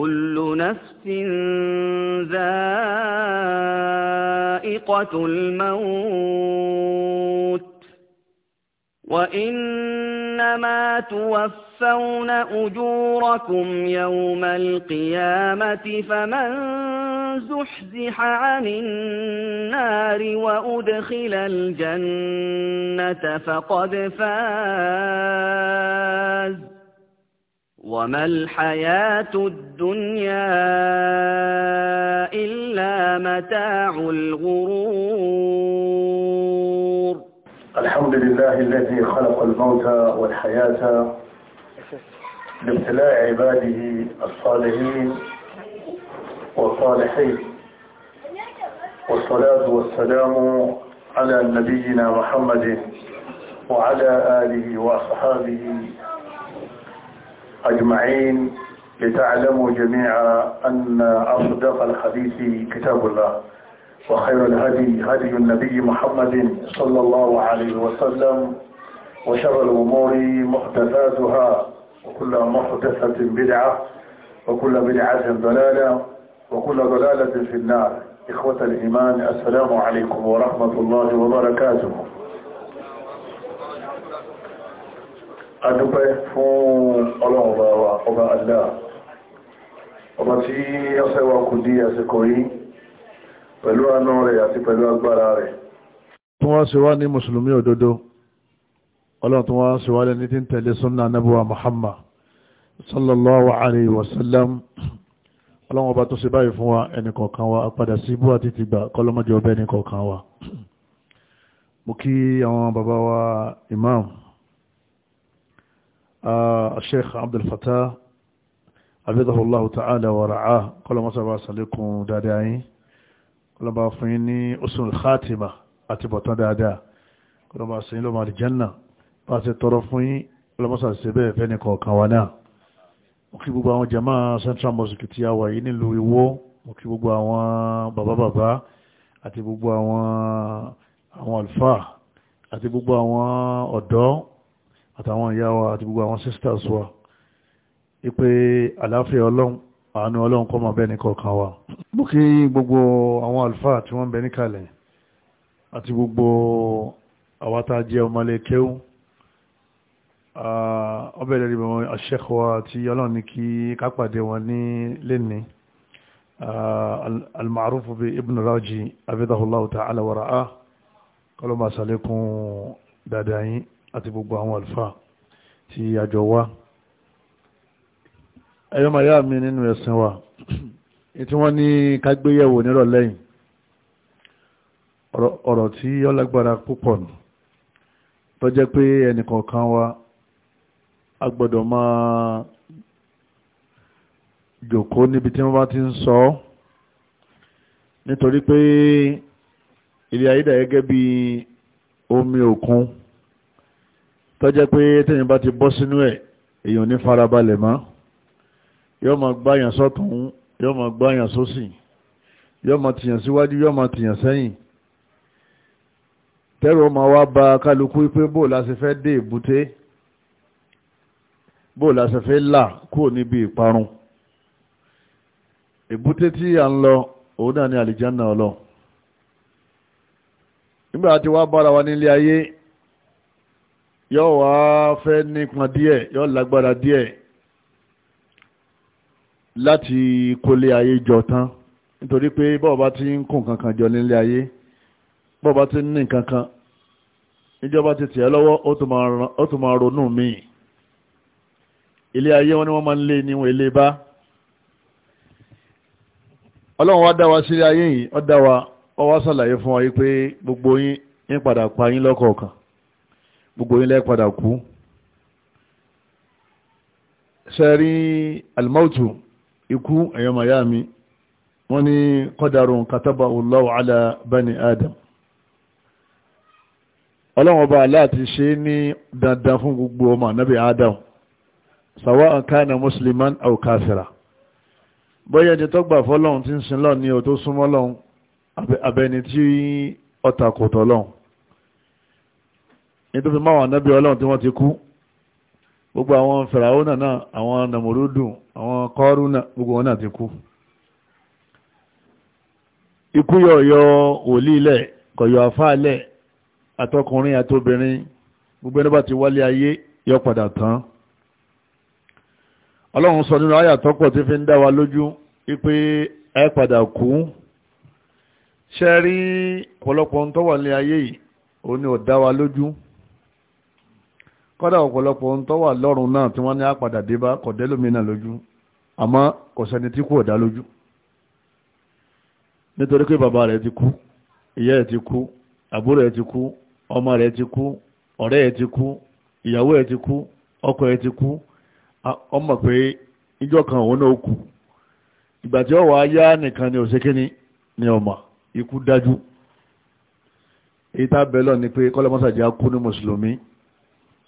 كل نفس ذائقة الموت وإنما توفون أجوركم يوم القيامة فمن زحزح عن النار وأدخل الجنة فقد فاز وما الحياة الدنيا إلا متاع الغرور الحمد لله الذي خلق الموت والحياة لابتلاء عباده الصالحين والصالحين والصلاة والسلام على نبينا محمد وعلى آله وأصحابه أجمعين لتعلموا جميعا أن أصدق الحديث كتاب الله وخير الهدي هدي النبي محمد صلى الله عليه وسلم وشر الأمور محدثاتها وكل محدثة بدعة وكل بدعة ضلالة وكل ضلالة في النار إخوة الإيمان السلام عليكم ورحمة الله وبركاته adúpẹ́ fún ọlọ́run bá wa ọba àdá ọba tí ọsẹ́ wa kù dí àsìkò yìí pẹ̀lú àánú rẹ̀ àti pẹ̀lú agbára rẹ̀ tún wá ṣe wá ní mùsùlùmí òdodo ọlọ́run tún wá ṣe wá lẹ́ ní tí ń tẹ̀lé súnnà anábúwa muhammad sallallahu alayhi wa sallam ọlọ́run ọba tó ṣe báyìí fún wa ẹnìkọ̀ọ̀kan wa apadà sí ibú àti tìgbà kọlọ́mọ́jọ ọbẹ̀ ẹnìkọ̀ọ̀kan wa mo kí àwọn bàbá wa imam Sheikh Abdul Fattah abidahullahu ta'ala wa ra'ah kọlọmọ sábà sàlékún dáadáa yín kọlọmọ fún yín ní usul khatima àti bọ̀tán dáadáa kọlọmọ sẹ́yìn lọ́mọ àdìjánà bá ti tọrọ fún yín kọlọmọ sàlẹ̀ sí bẹ́ẹ̀ fẹ́ni kọ̀ọ̀kan wa náà mo kí gbogbo àwọn jama central mosque ti àwà yìí nílùú Ìwó mo kí gbogbo àwọn bàbá bàbá àti gbogbo àwọn àwọn àlùfáà àti gbogbo àwọn ọ̀dọ́ àtàwọn ìyá wa àti gbogbo àwọn sisters wa ipe àláfíà ọlọ́run àánú ọlọ́run kọ́ máa bẹ́ ní kọ̀ọ̀kan wa mú kí gbogbo àwọn àlùfáà tí wọ́n ń bẹ níkàlẹ̀ àti gbogbo àwa tá jẹ́ ọmọlé kéwú ọbẹ̀rẹ̀ rí wọn Sheikh àti ọlọ́run ní kí kápàdé wọn ní lẹ́ni almarufu bi Ibn Raji abidahullahu ta'ala wara'ah kọlọ́mà sàlékún dáadáa yìí àti gbogbo àwọn àlùfáà tí àjọ wá ẹ̀yọ́ màríà mi nínú ẹ̀sìn wa tí wọ́n ní kágbéyẹ̀wò nírọ̀lẹ́yìn ọ̀rọ̀ tí ó lágbára púpọ̀ nù tó jẹ́ pé ẹnìkọ̀ọ̀kan wa a gbọ́dọ̀ máa jòkó níbi tí wọ́n bá ti ń sọ ọ́ nítorí pé ilé ayé dà gẹ́gẹ́ bí omi òkun tó jẹ́ pé tẹ́yìn bá ti bọ́ sínú ẹ̀ èyàn ní farabalẹ̀ mọ́ yóò máa gbáyàn sọ́tún yóò máa gbáyàn sósì yóò máa tìyàn síwájú yóò máa tìyàn sẹ́yìn tẹ́rù ọmọ wa ba kálukú pé bó la ṣe fẹ́ dé èbúté bó la ṣe fẹ́ là kúrò níbi ìparun èbúté tí a ń lọ òun náà ni àlìjánná ọlọ nígbà tí wàá bára wa nílé ayé yóò wá fẹ́ nípọn díẹ̀ yóò lágbára díẹ̀ láti kólé ayé jọ tán nítorí pé bọ́ọ̀bá ti ń kún kankan jọ nílé ayé bọ́ọ̀bá ti ń ní kankan ìjọba ti tẹ̀ lọ́wọ́ ó tún máa ronú míì ilé ayé wọn ni wọ́n máa ń lé níwọ̀n ilé bá ọlọ́run wá dá wa sílé ayé yìí ó dá wa ó wá ṣàlàyé fún wa yìí pé gbogbo yín ń padà pa yín lọ́kọ̀ọ̀kan gbogbo ilẹ̀ padà kú sẹ́rí almautu ikú ẹ̀yọ́ miami wọ́n ní qadarun kataba Allahu ala bani adam ọlọ́run ọba aláàtí ṣe ní dandan fún gbogbo ọmọ ànábì adam sawa'an kana musliman aw kafira bóyá ẹni tó gbà fọ́lọ́run tí ń sin ní o tó súnmọ́ abẹni tí ọtakòtọ̀ lọ́hun nítorí máwọn anábí ọlọ́run tí wọ́n ti kú gbogbo àwọn fẹ̀ràwọ́nà náà àwọn nàmòrúdù àwọn kọ́rúnà gbogbo wọn náà ti kú ikú yọ yọ òlílẹ̀ kọ̀yọ̀ àfáàlẹ̀ àtọkùnrin àtobìnrin gbogbo ẹni bá ti wálé ayé yọ padà tán ọlọ́run sọ nínú àyà tọ́pọ̀ tí fi ń dá wa lójú wípé ẹ padà kú ṣe rí ọ̀pọ̀lọpọ̀ ń tọ́wọ̀ ní ayé yìí ó ní ó dá wa lójú kọ́dà ọ̀pọ̀lọpọ̀ ntọwa lọrụ wà lọ́rùn náà tí wọ́n ní àpàdà débá kọ̀dẹ́lómìnà lójú àmọ́ kò sẹ́ni tí kú ọ̀dá lójú nítorí pé bàbá rẹ̀ ti kú ìyá ẹ̀ ti kú àbúrò ẹ̀ ti kú ọmọ rẹ̀ ti kú ọ̀rẹ́ ẹ̀ ti kú ìyàwó ẹ̀ ti kú ọkọ ẹ̀ ti kú ọmọ pé kan òun náà kú ìgbà tí ọwọ́ ayá nìkan ni òṣèkéni ni ọmọ ikú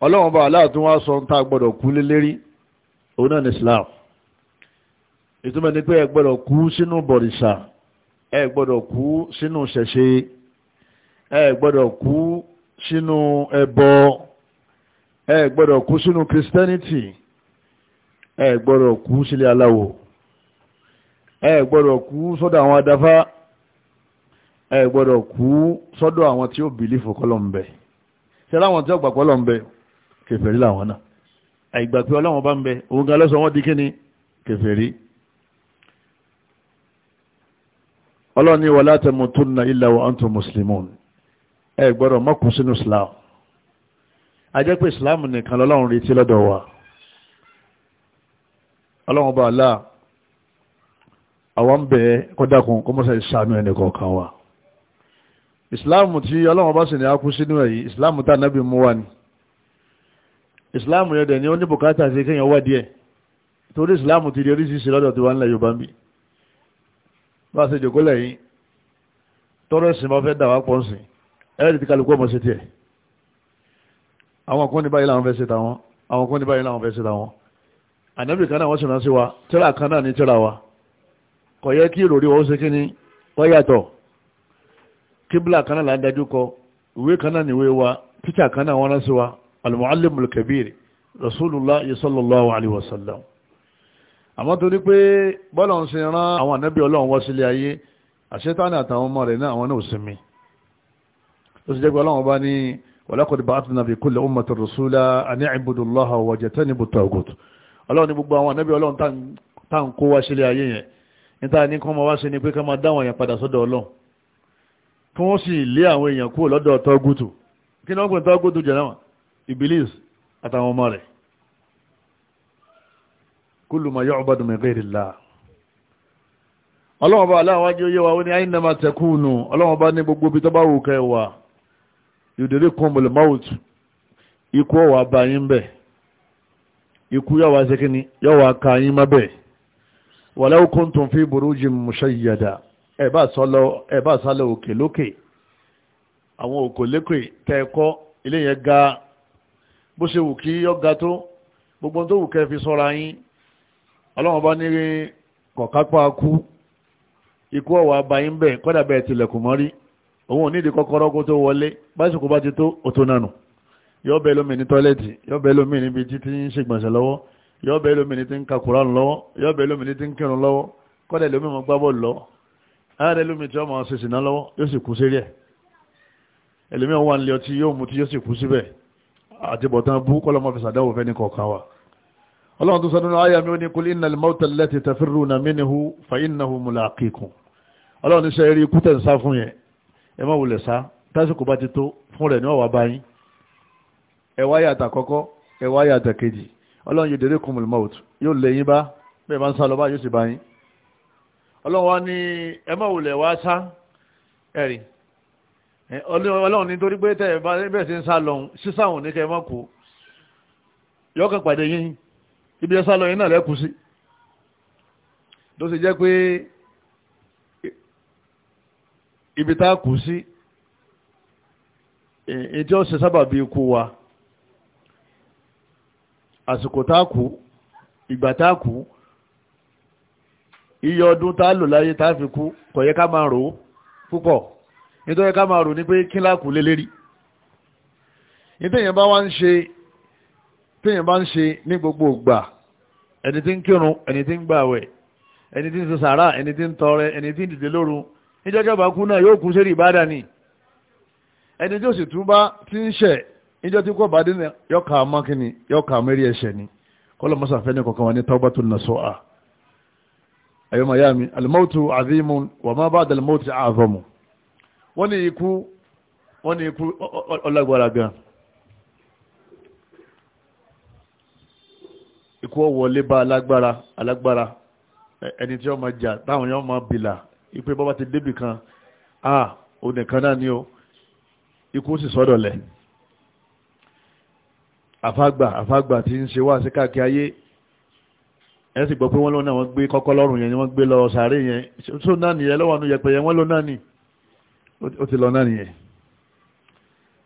ọlọ́wọ́n bá aláàtún wá sọ ń ta gbọ́dọ̀ kú lélérí òun náà ní Islam ìtumọ̀ ní pé ẹ gbọ́dọ̀ kú sínú bọ̀rìṣà ẹ gbọ́dọ̀ kú sínú ṣẹ̀ṣe ẹ gbọ́dọ̀ kú sínú ẹbọ ẹ gbọ́dọ̀ kú sínú Christianity ẹ gbọ́dọ̀ kú sílé aláwo ẹ gbọ́dọ̀ kú sọ́dọ̀ àwọn adáfá ẹ gbọ́dọ̀ kú sọ́dọ̀ àwọn tí ó bìlífò kọ́lọ̀ ń bẹ ṣe láwọn tí ó gbà kọ́lọ̀ ń bẹ kèfèrí làwọn náà àìgbà pé ọlọ́wọ́n bá ń bẹ òun gan lọ́sọ̀ wọ́n di kí ni kèfèrí ọlọ́run ní wala tamutunna illa wa antum muslimun ẹ gbọ́dọ̀ má kú sínú islam ajẹ́ pé islam nìkan lọ́lọ́run retí lọ́dọ̀ wa ọlọ́run bá aláà àwọn bẹ̀ẹ́ kọ́dákun kọ́mọ́sẹ̀ ìsànú ẹni kọ̀ọ̀kan wa islam tí ọlọ́run bá sì ní akú sínú èyí islam tá nábì mú wa ni islam rẹ̀ dẹ̀ ni ó ní bùkátà sí kéèyàn wá díẹ̀ torí islam ti di oríṣiríṣi lọ́dọ̀ tí wà ń lẹ̀ yorùbá ń bì bá a ṣe jòkó lẹ́yìn tọ́rọ ẹ̀sìn bá fẹ́ dà wá pọ̀ sí ẹ̀rẹ́dì tí kálukú ọmọ sí tiẹ̀ àwọn kan ní báyìí làwọn fẹ́ ṣe tàwọn àwọn kan ní báyìí làwọn fẹ́ ṣe tàwọn wa tíra kan náà ní tíra wa kò yẹ kí ìròrí wọn ni wọ́n wa tíṣà kan náà al-muallim al-kabir rasulullah sallallahu alayhi wa sallam àmọ́ torí pé bọ́lọ̀ ń sin rán àwọn ànábì ọlọ́run wá sílé ayé àṣetáni àtàwọn ọmọ rẹ̀ náà àwọn náà sinmi ó sì jẹ́ pé ọlọ́run bá ní walaqad ba'athna fi kulli ummatin rasula an i'budu Allaha wajtanibu at-taghut ọlọ́run ní gbogbo àwọn ànábì ọlọ́run tá ń kó wá sílé ayé yẹn níta ní kọ́ máa wá sí ni pé ká máa dáwọn èèyàn padà sọ́dọ̀ ọlọ́run kí wọ́n sì lé àwọn èèyàn kúrò lọ́dọ̀ tọ́gùtù kí ni wọ́n pè tọ́gùtù jẹ̀ náà ibilis àtàwọn ọmọ rẹ̀ kullu ma yu'badu min ghayri Allah ọlọ́wọ́n bá aláwájú yé wa ó ní aynama takunu ọlọ́wọ́n bá ní gbogbo ibi tó bá wù kẹwà yudrikumul maut ikú ọwà bá yín bẹ̀ ikú yọwà sẹ́kíní yọwà ká yín má bẹ̀ walau kuntum fi burujin mushayyada ẹ bá sálọ òkè lókè àwọn òkò lékè tẹ́ẹ̀kọ́ ilé yẹn ga bó ṣe wù kí ọ̀gá tó gbogbo tó wù kẹ́ fi sọ́ra yín ọlọ́run bá ní kọ̀kápá kú ikú ọ̀wà abayín bẹ̀ kọ́dà bẹ́ẹ̀ tilẹ̀kùn mọ́rí òun ò nídìí kọ́kọ́rọ́ kó tó wọlé básìkò bá ti tó ó tó nànù yọ́ bẹ́ẹ̀ lómi ní tọ́lẹ́tì yọ́ bẹ́ẹ̀ lómi níbi títí ń ṣègbọ̀nsẹ̀ lọ́wọ́ yọ́ bẹ́ẹ̀ lómi ní ti ń ka kuran lọ́wọ́ tí yóò sì kú síbẹ̀ àtibọ̀tán bú kọ́lọ́mọ́ fi sàdáwò fẹ́ ní kọ̀ọ̀kan wa ọlọ́run tó sọ́dún ayà mi ó ní kul innal mawta allati tafirruna minhu fa innahu mulaqikum ọlọ́run ní sẹ́rí ikú tẹ̀ ń sá fún yẹn ẹ má wulẹ̀ sá tásìkò bá ti tó fún rẹ̀ ní ọ̀wà báyìí ẹ wá yàtà kọ́kọ́ ẹ wá yàtà kejì ọlọ́run yudrikumul mawt yóò lè bá bẹ́ẹ̀ bá ń sá lọ bá yóò sì bá ọlọ́run wá ní ẹ má wulẹ̀ wá sá ẹ̀rìn Eh, ọlọ́run nítorí pé tẹ́ bá bẹ́ẹ̀ sí ń sá lọ sísáwọn ní kẹmọ́ kó yọ́kàn pàdé yín ibi ẹ sá lọ yín náà lẹ́kù sí tó sì jẹ́ pé ibi tá kù sí ìdí eh, ọ̀sẹ̀ sábà bí ikú wa àsìkò tá kù ìgbà tá kù iye ọdún tá lò láyé tá fi kú kò ká máa rò púpọ̀ nítorí ká máa rò ní pé kí lákùú lé lérí ìtẹ̀yìn ń ṣe ní gbogbo ìgbà ẹni tí ń kírun ẹni tí ń gbàwẹ̀ ẹni tí ń ṣe sàárà ẹni tí ń tọrẹ ẹni tí ń dìde lóru níjọ́jọ́ bá kú náà yóò kú sérí ìbádà ni ẹni tí ó sì túbá tí ń ṣẹ̀ níjọ́ tí kò bá dé ní yọkà yọkà ẹ̀ṣẹ̀ ni kọ́lọ̀ mọ́sàfẹ́ ní kọ̀ọ̀kan wọn ní tawbatun nasuha ayọ́mọ̀ sọ mi al-mawtu azimun wa ma ba'da al-mawti a'zamu wọ́n ní ikú wọ́n ní ikú ọlágbára gan ikú ọwọlé bá alágbára alágbára ẹni tí ó máa jà táwọn yóò máa bìlà ipé bọ́bá ti débì kan ah onìkan náà ni ó ikú sì sọ́dọ̀lẹ̀ àfágbà àfágbà tí ń ṣe wá sí káàkiri ayé ẹ sì gbọ́ pé wọ́n lọ́nà wọ́n gbé kọ́kọ́ lọ́rùn yẹn ni wọ́n gbé lọ sàárè yẹn tó náà nìyẹn lọ́wọ́ yẹpẹ̀yẹ wọ́n lọ́nà ni ó ti lọ náà nìyẹn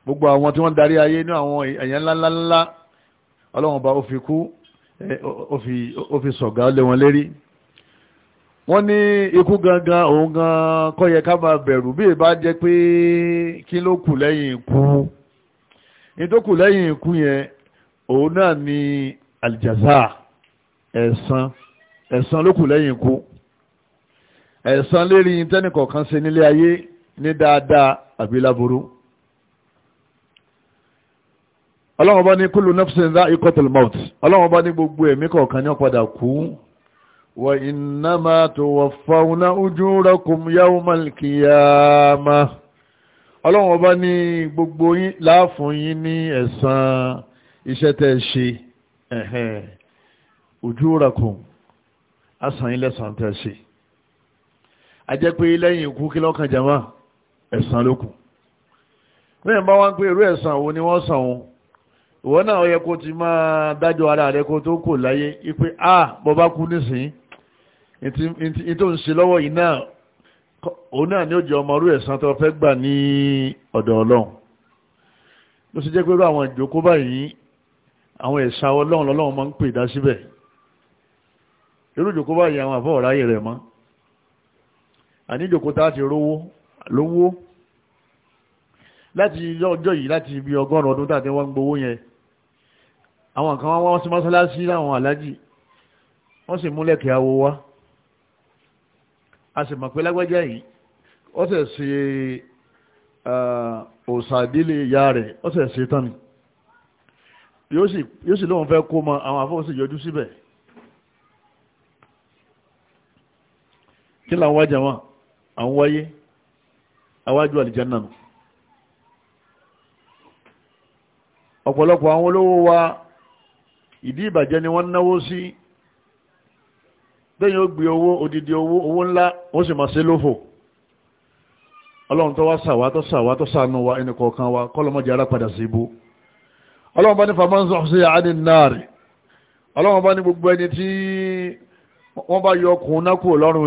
gbogbo àwọn tí wọ́n darí ayé ní àwọn èèyàn ńláńláńlá ọlọ́wọ́n bá ó fi kú ó fi sọ̀gá lé wọn lérí wọ́n ní ikú gangan òun gan kọ́ yẹ ká máa bẹ̀rù bí ìbá jẹ́ pé kí ló kù lẹ́yìn ikú ní lẹ́yìn ikú yẹn òun náà ni aljaza ẹ̀san ẹ̀san ló kù lẹ́yìn ikú ẹ̀san lérí tẹ́nìkọ̀ọ̀kan ṣe nílé ayé ní dáadáa àbí láburú ọlọ́run bá ní kúlù nafsin dha'iqatul maut ọlọ́run bá ní gbogbo ẹ̀mí kọ̀ọ̀kan ní ó padà kú wa innama tuwaffawna ujurakum yawmal qiyamah ọlọ́run ọba ní gbogbo yín láàfún yín ní ẹ̀san iṣẹ́ tẹ́ ṣe ẹ̀hẹ́ ujurakum asàn yín lẹ́san tẹ́ ṣe a jẹ́ pé lẹ́yìn ikú kí lọ́kàn jama ẹ̀san ló kù bẹ́ẹ̀ bá wọ́n pé irú ẹ̀san wo ni wọ́n san òun ìwọ náà yẹ kó ti máa dájọ́ ara rẹ kó tó kò láyé ipé a bọ́ bá kú nísìn ní tó ń ṣe lọ́wọ́ yìí náà òun náà ni ó jẹ ọmọ irú ẹ̀san tó fẹ́ gbà ní ọ̀dọ̀ ọlọ́run ló sì jẹ́ pé irú àwọn ìjókòó báyìí àwọn ẹ̀san ọlọ́run lọ́lọ́run máa ń pè dá síbẹ̀ irú ìjókòó báyìí àwọn àfọwọ́ráyè rẹ̀ mọ́ lówó láti ọjọ́ yìí láti bí ọgọ́rùn ọdún tàbí wọ́n ń gbowó yẹn àwọn kan wọ́n sí mọ́sálásí láwọn alájì wọ́n sì múlẹ̀ kí awo wá a sì mọ̀ pé lágbájá yìí ó sì ṣe òsàdílé ìyá rẹ̀ ó sì ṣe tán ni yóò sì lóun fẹ́ kó mọ àwọn afọ́ sì yọjú síbẹ̀ kí làwọn wájà wọn àwọn wáyé àwájú àlìjánà nù ọ̀pọ̀lọpọ̀ àwọn olówó wa ìdí ìbàjẹ́ ni wọ́n náwó sí bẹ́yìn ó gbé owó odidi owó owó ńlá wọ́n sì máa ṣe lófò ọlọ́run tó wá sàwá tó sàwá tó sànú wa ẹni kọ̀ọ̀kan wa kọ́lọ́mọ́jẹ́ alápadà sí ibú ọlọ́run bá ní famanzọ́ sí àádì náàrí ọlọ́run bá ní gbogbo ẹni tí wọ́n bá yọ ọkùnrin náà kúrò lọ́rùn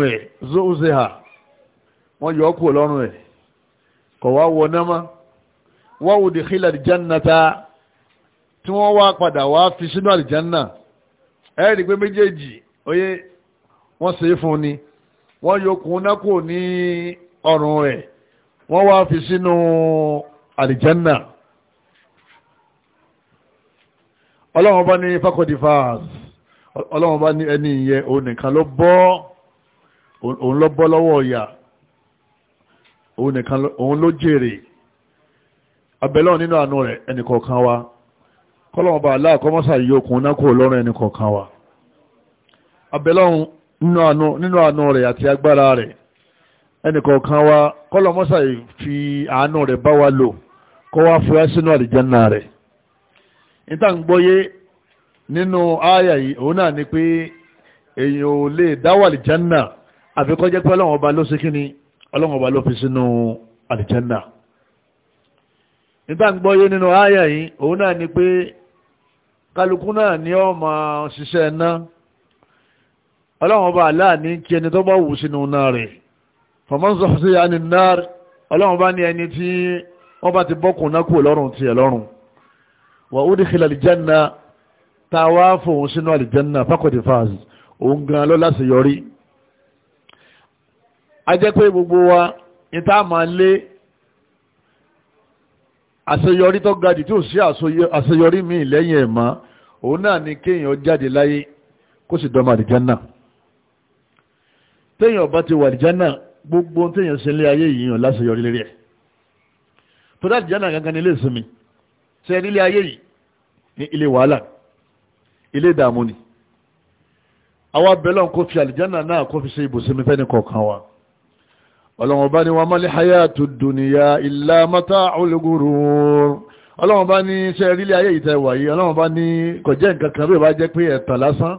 ẹ̀ kọ̀ wá wọ náà mọ́ wọ́n wò di hílẹ̀ àlìjánná ta tí wọ́n wá padà wá fi sínú àlìjánná ẹ rí i pé méjèèjì oyè wọ́n ṣe é fún ni wọ́n yọkùn náà ní ọrùn rẹ̀ wọ́n wá fi sínú àlìjánná. ọlọ́run bá ní fákọ̀dì fáàs bá ní ẹni ìyẹn òun ló bọ́ òun ló lọ́wọ́ ìyà òun nìkan òun ló jèrè abẹ́lọ́ nínú àánú rẹ̀ ẹnìkọ̀ọ̀kan wa kọ́lọ́wọ́n bá aláàkọ́mọ́sà yìí okùn náà kò lọ́rùn ẹnìkọ̀ọ̀kan wa abẹ́lọ́ nínú àánú rẹ̀ àti agbára rẹ̀ ẹnìkọ̀ọ̀kan wa kọ́lọ́mọ́sà yìí fi àánú rẹ̀ bá wa lò kọ́ wa fúra sínú àlìjẹ́nà rẹ̀ níta ń gbọ́yé nínú ááyà yìí òun náà ni pé èèyàn ò lè dáwà àlìjẹ́nà àfikọ́jẹ́ pẹ́lọ́wọ́n ọba ló ṣe kíni ọlọ́run ọba ló fi sínú àlìjẹ́nà nígbà ń gbọ́yé nínú àyà yìí òun náà ni pé kálukú náà ni ó máa ṣiṣẹ́ iná ọlọ́run ọba aláàní kí ẹni tó bá wù sínú náà rẹ̀ fọmọ́nsọ́ sí àní náà ọlọ́run bá ní ẹni tí wọ́n bá ti bọ́kùn náà kú lọ́rùn tiẹ̀ lọ́rùn wà ó dì kílà àlìjẹ́nà tá fòun sínú àlìjẹ́nà fákọ̀dé fáàzì òun gan lọ́lá sí yọrí a jẹ́ pé gbogbo wa ní tá a máa lé àṣeyọrí tó ga jù tí ò sí àṣeyọrí míì lẹ́yìn ẹ̀ mọ́ òun náà ni kéèyàn jáde láyé kó sì dọ́mọ àlìjánà téèyàn bá ti wà àlìjánà gbogbo téèyàn ṣe lé ayé yìí hàn láṣeyọrí lérí ẹ̀ tó dá àlìjánà gangan ní ilé ìsinmi ṣe nílé ayé yìí ní ilé wàhálà ilé ìdààmú ni àwa bẹ́lọ̀ kó fi àlìjánà náà kó fi ṣe ibùsinmi fẹ́ni kọ̀ọ̀kan wa ọlọ́run bá ní wa mal hayatud dunya illa mata'ul ghurur ọlọ́run bá ní iṣẹ́ rílé ayé ìtẹ̀wà yìí ọlọ́run bá ní kò jẹ́ nǹkan kan bí ó bá jẹ́ pé ẹ̀tàn lásán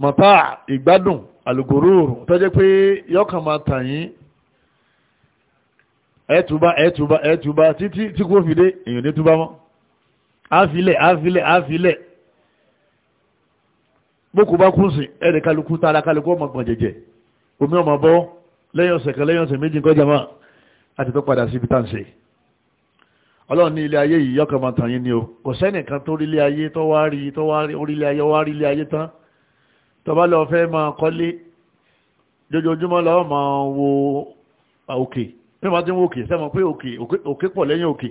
mọ̀tá ìgbádùn al-ghurur tó jẹ́ pé yọ́kàn máa tàn yín ẹ̀tùbá ẹ̀tùbá ẹ̀tùbá títí tí kò fi èèyàn ní túbá mọ́ áfilẹ̀ áfilẹ̀ áfilẹ̀ bókù bá ẹ̀rẹ̀ kálukú tara kálukú ọmọ gbọ̀n jẹ̀jẹ̀ omi ọmọ bọ́ lẹ́yìn ọ̀sẹ̀ kan lẹ́yìn ọ̀sẹ̀ méjì kọjá máa àti tó padà sí ibi tá à ń ṣe ọlọ́run ní ilé ayé yìí yọ́kàn máa tàn yín ni o kò sẹ́nìkan tó rí ilé ayé tó wá rí tó wá rí orílẹ̀ ayé wá rí ilé ayé tán tó bá lọ fẹ́ máa kọ́lé lójoojúmọ́ lọ́wọ́ máa wo òkè bí wọ́n ti ń wo òkè sẹ́mọ̀ pé òkè òkè pọ̀ lẹ́yìn òkè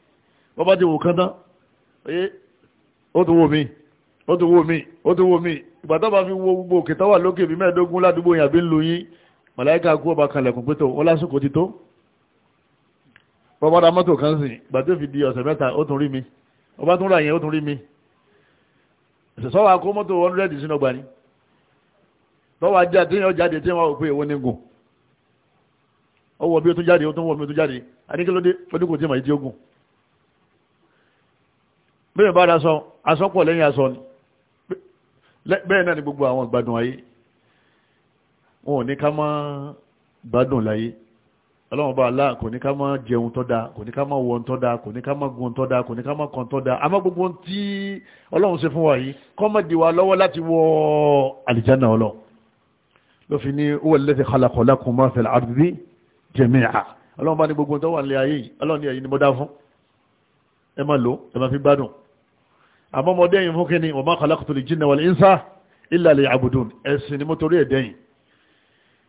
wọ́n bá ti wò kán tán oye ó ti wo mi ó ti wo mi ó ti wo mi ìgbà tó bá fi wo gbogbo òkè tó wà lókè bí mẹ́ẹ̀ẹ́dógún ládùúgbò yàbí ń lu yín màláíkà kú ọba kan lẹ̀kùn pétó wọ́n lásìkò ti tó bọ́bá ra mọ́tò kan sìn ìgbà tó fi di ọ̀sẹ̀ mẹ́ta ó tún rí mi ọba tún rà yẹn ó tún rí mi ìṣẹ̀sọ́wà kó mọ́tò one hundred sínú ọgbà ni tọ́wọ́ ajé àtẹ́yìn jáde tí wọ́n pè wọ́n ní gùn ó wọ bí ó tún jáde ó tún wọ bí ó tún jáde adékélódé oníkò tí mà yìí tí ó gùn bẹ́ẹ̀ bá daṣọ aṣọ pọ̀ lẹ́yìn aṣọ ni bẹ́ẹ̀ náà ni gbogbo àwọn ìgbádùn ayé wọn ò ní ká má gbádùn láyé ọlọ́run bá aláà kò ní ká má jẹun tó dáa kò ní ká má wọ̀n tó dáa kò ní ká má gun tó dáa kò ní ká má kàn tó dáa àmọ́ gbogbo tí ọlọ́run ṣe fún wa yìí kọ́ má di wa lọ́wọ́ láti wọ àlìjáná ọlọ́ ló fi ní huwa alladhi khalaqa lakum ma fil ardi jami'a ọlọ́run bá ní gbogbo tó wà nílé ayé yìí ọlọ́run ní ẹ̀yin ni mo dá fún ẹ má lò ẹ má fi gbádùn àmọ́ mo dẹ́yìn fún kíni wa ma khalaqtu al jinna wal insa illa liya'budun ẹ̀sìn ni mo torí ẹ̀ dẹ́yìn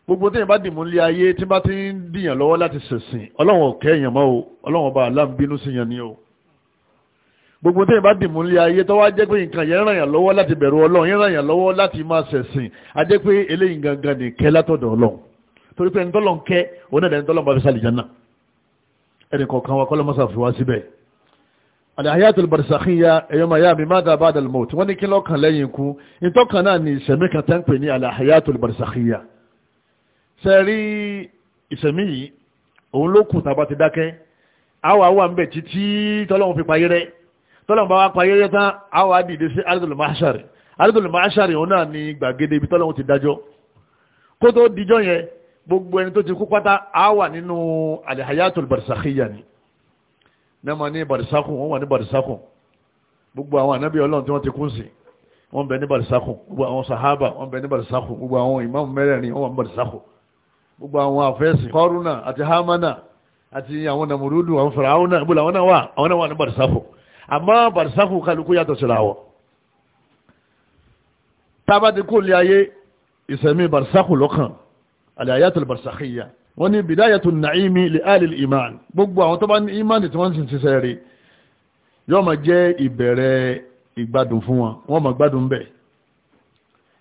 gbogbo téèyàn bá dìmú lé ayé tí bá ti ń dìyàn lọ́wọ́ láti ṣẹ̀sìn ọlọ́run ọ̀kẹ́ èèyàn mọ́ o ọlọ́run ọba aláàbínú sí yẹn ni o gbogbo téèyàn bá dìmú lé ayé tó wá jẹ́ pé nǹkan yẹn ràn yàn lọ́wọ́ láti bẹ̀rù ọlọ́run yẹn ràn yàn lọ́wọ́ láti máa ṣẹ̀sìn a jẹ́ pé eléyìí gangan ní kẹ́ látọ̀dọ̀ ọlọ́run torí pé ntọ́lọ́n kẹ́ onídàá ntọ́lọ́n bá fi sálì jánà ẹnì kọ̀ọ̀kan wa kọ́lọ́ mọ́sá fi wá síbẹ̀ àdáyàtò barisakhiya ẹ̀yọ́ máa yá mi náà sẹ́rí ìsẹ̀mí yìí òun ló kù tàbá ti dákẹ́ àwa wà ń bẹ̀ títí tọ́lọ́run fi payé rẹ̀ tọ́lọ́run bá wá payé rẹ̀ tán àwa dìde sí ardul mahshar ardul mahshar òun náà ni gbàgede ibi tọ́lọ́run ti dájọ́ kó tó dijọ́ yẹn gbogbo ẹni tó ti kú pátá àwa nínú alihayatul barisakhiya ni náà ma ní barisakun wọ́n wà ní barisakun gbogbo àwọn ànábì ọlọ́run tí wọ́n ti kún sí wọ́n bẹ ní barisakun gbogbo àwọn sahaba wọ́n bẹ ní barisakun gbogbo àwọn imam mẹ́rẹ̀ẹ̀rin wọ́n wà ní barisakun gbogbo àwọn àfẹ́sì kọ́rúnà àti hamana àti àwọn nàmúrúdù àwọn fẹ̀rẹ̀ àwọn náà gbọ́dọ̀ àwọn náà wà àwọn náà wà ní barisafo àmọ́ barisafo kálukú yàtọ̀ síra wọ̀ tába ti kó ayé ìsẹ̀mí barisafo lọ́kàn àlàyàtọ̀ barisakhiya wọ́n ní bidayatu na'imi li alil iman gbogbo àwọn tó bá ní imani tí wọ́n sì ṣiṣẹ́ rí yóò máa jẹ́ ìbẹ̀rẹ̀ ìgbádùn fún wọn wọ́n máa gbádùn bẹ́ẹ̀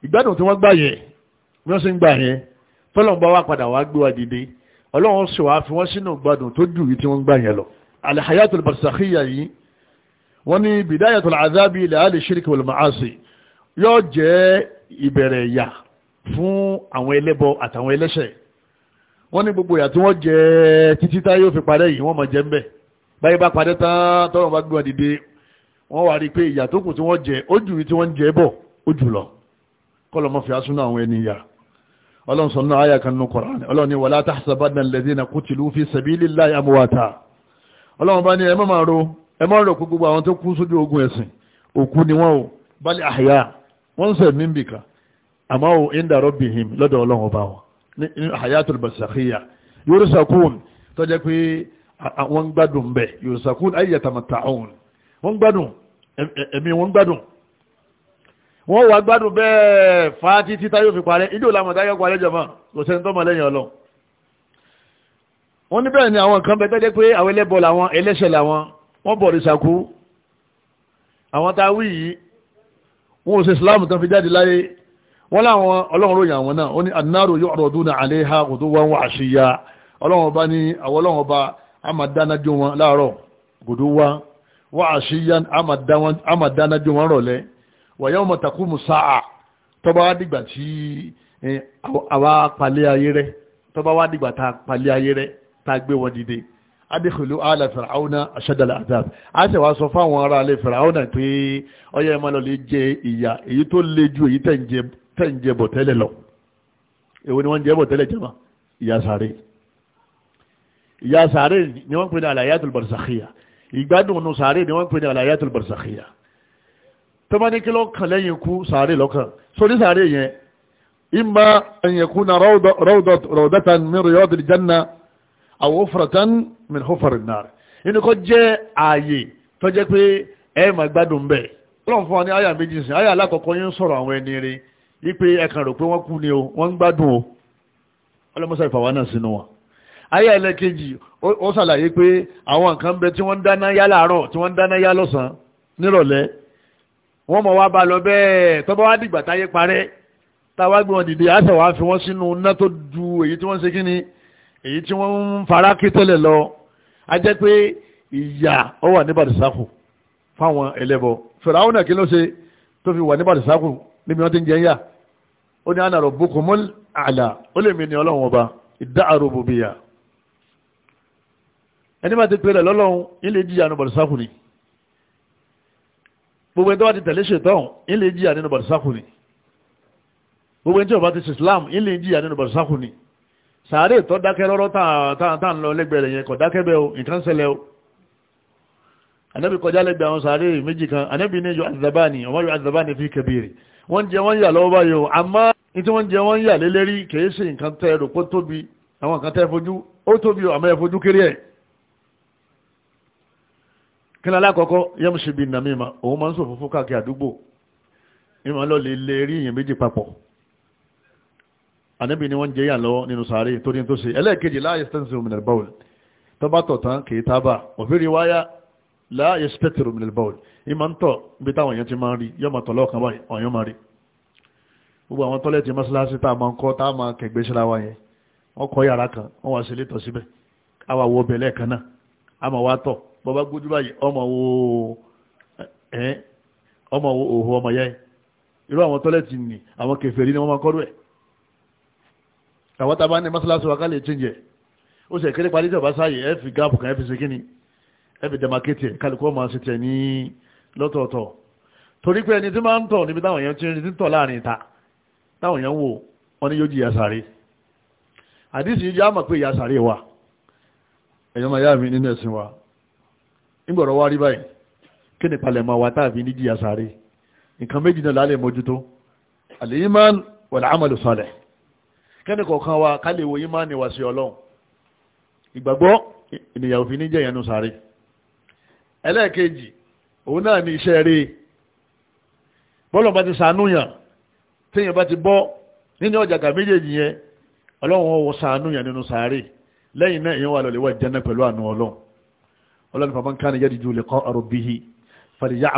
ìgbádùn tí wọ́n gbà yẹn wọ́n sì ń gbà yẹn tọ́lọ̀ bá wá padà wá gbé wa dìde ọlọ́run sọ wá fi wọ́n sínú gbádùn tó jù yìí tí wọ́n gbà yẹn lọ alihayatul barsakhiya yìí wọ́n ní bidayatul azabi ilẹ̀ alẹ́ shiriki wal maasi yóò jẹ́ ìbẹ̀rẹ̀ ìyà fún àwọn ẹlẹ́bọ àtàwọn ẹlẹ́ṣẹ̀ wọ́n ní gbogbo ìyà tí wọ́n jẹ títí tá yóò fi parẹ́ yìí wọ́n máa jẹ ń báyìí bá parẹ́ tán tọ́lọ̀ bá gbé wa dìde wọ́n wá rí pé ìyà tó kù tí wọ́n jẹ ó yìí tí wọ́n jẹ bọ̀ ó lọ kọ́lọ́ mọ́ fi asúnà àwọn ẹni ìyà ọlọ́run sọ̀nà àyà kan nù kọ̀ránì ọlọ́run ni wàlá tahsabanna alladhina qutilu fi sabilillahi amwata ọlọ́run bá ní ẹ má máa ro ẹ má rò gbogbo àwọn tó kú sójú ogun ẹ̀sìn òkú ni wọ́n o bal ahya wọ́n ń sẹ̀mí bìkà àmọ́ o inda rabbihim lọ́dọ̀ ọlọ́run ọba wọ́n wà gbádùn bẹ́ẹ̀ fa títí táyọ̀ fi parẹ́ ìjọ làmọ̀dá yọ̀kọ̀ alẹ́ jọ̀mọ́ kò sẹ́ni tó mọ̀ lẹ́yìn ọlọ́run wọ́n ní bẹ́ẹ̀ ni àwọn kan bẹ tẹ́jẹ́ pé àwọn ẹlẹ́bọ làwọn ẹlẹ́ṣẹ̀ làwọn wọ́n bọ̀ ìṣàkú àwọn tá a wí yìí wọn ò ṣe islam tán fi jáde láyé wọ́n láwọn ọlọ́run ròyìn àwọn náà ó ní annáru yu'raduna 'alayha ghuduwwan wa 'ashiyya ọlọ́run ọba ní àwọn ọlọ́run wàyà ọmọ takú musaa tọba wá dìgbà tí àwa palẹ̀ ayé rẹ tọba wá dìgbà tá palẹ̀ ayé rẹ tá gbé wọn dìde adékòló àlà fìràwọ́nà aṣádàlà àdáàbì a ṣe wá sọ fáwọn ará alẹ́ fìràwọ́nà pé ọyẹ́ ẹ̀mọ́ lọ lè jẹ ìyà èyí tó le ju èyí tẹ̀ ń jẹ bọ̀ lọ èwo ni wọ́n ń jẹ bọ̀ jẹ́ wọn sáré ìyà sáré ni wọ́n pè ní àlàyé àtòlùbọ̀rẹ̀sàkìyà ìgbádùn nù sáré ni wọ́n pè ní àlàyé àtòlùbọ̀rẹ̀sàkìyà tó bá ní kí lọ́kàn lẹ́yìn ikú sàárè lọ́kàn sórí sàárè yẹn ìmá ẹ̀yẹ̀kú na rọ́ọ̀dọ́ta min riyadil janna aw hufratan min hufarin nar inú kọ́ jẹ́ ààyè tó jẹ́ pé ẹ máa gbádùn bẹ́ẹ̀ lọ́n fún wa ní àyà méjì sí àyà alákọ̀ọ́kọ́ yín sọ̀rọ̀ àwọn ẹni rí wípé ẹ̀kan rò pé wọ́n kú ni o wọ́n ń gbádùn o ọlọ́mọsá ìfàwọ́ náà sínú wọn ayé ẹlẹ́kejì ó ṣàlàyé pé àwọn nǹkan bẹ tí wọ́n ń dáná yá láàárọ̀ tí wọ́n ń dáná yá lọ́sàn-án nírọ̀lẹ́ wọ́n mọ̀ wá bá lọ bẹ́ẹ̀ tọ́bọ́ wá dìgbà táyé parẹ́ táwa gbé wọn dìde àṣà wàá fi wọ́n sínú iná tó ju èyí tí wọ́n ṣe kíni èyí tí wọ́n ń fara kí tẹ́lẹ̀ lọ a jẹ́ pé ìyà ọ wà ní bàdìsákù fáwọn ẹlẹ́bọ fìràwọn náà kí ló ṣe tó fi wà ní bàdìsákù níbi wọ́n ti ń jẹ yà ó ní àná rọ̀ bukumul àlà ó lè mi ní ọlọ́run ọba ìdá àròbòbìyà ẹni bá ti pèrè lọ́lọ́run ilé jíjà ní ni gbogbo ẹni tó bá ti tẹ̀lé ṣètọ́hùn ilé ń jìyà nínú bàdìsákù ni gbogbo ẹni tí ọba ti ṣe Islam ilé ń jìyà nínú bàdìsákù ni sàárè tó dákẹ́ rọ́rọ́ táà ń lọ lẹ́gbẹ̀rẹ̀ yẹn kò dákẹ́ bẹ́ o nǹkan ṣẹlẹ̀ o anabi kọjá lẹ́gbẹ̀ẹ́ àwọn sàárè méjì kan anabi ní yọ àdàbáni ọmọ yọ àdàbáni fi kẹbìrì wọ́n jẹ wọ́n yà lọ́wọ́ báyìí o àmọ́ ní tí wọ́n jẹ wọ́n kílá alákọ̀ọ́kọ́ yẹ́mùsí bí nàmíma òun máa ń sọ fúnfún káàkiri àdúgbò ìmọ̀ lọ lè lè rí èyàn méjì papọ̀ ànábì ni wọ́n jẹ́ yà lọ́wọ́ nínú sàárè tó ní tó ṣe ẹlẹ́ẹ̀kejì láàyè stẹ́ǹsì òmìnir bọ́ọ̀l tó bá tọ̀ tán kì í tábà òfìrí wáyá láàyè stẹ́ǹsì òmìnir bọ́ọ̀l baba gbójú báyìí ọmọ wo ọmọ wo òhò ọmọ yẹ irú àwọn tọ́lẹ̀tì ni àwọn kèfèrí ni wọ́n máa kọ́rù ẹ̀ àwọn tàbá ní mọ́sálásí wa ká lè chíjẹ̀ ó sì kéré parí ìjọba sáyé ẹ fi gáàpù kan ẹ fi ṣe kíni ẹ fi dẹmakétì kálukọ́ máa ṣe tẹ̀ ní lọ́tọ̀ọ̀tọ̀ torí pé ẹni tí máa ń tọ̀ níbi táwọn èèyàn ti ń tọ̀ láàrin ìta táwọn èèyàn wò wa ẹ̀yọ́ mi nínú ẹ̀sìn wa nígbọ̀rọ̀ wá rí báyìí kí ni palẹ̀mọ̀ wa táàfi ní jíyà sáré nǹkan méjì náà lálẹ́ mójútó al-iman wal-amalu salih kẹ́ni kọ̀ọ̀kan wa ká lè wo ìmánì wá sí ọlọ́run ìgbàgbọ́ ènìyàn òfin ní jẹ̀yẹnu sáré ni iṣẹ́ rí bọ́lọ̀ bá ti sànúyàn téèyàn bá ti bọ́ nínú ọjàgà méjèèjì yẹn ọlọ́run wọ sànúyàn nínú sáré lẹ́yìn náà ọlọ́run bàbá kan yẹ́ dìjú lè kọ́ ọ̀rọ̀ bí i fàdíyà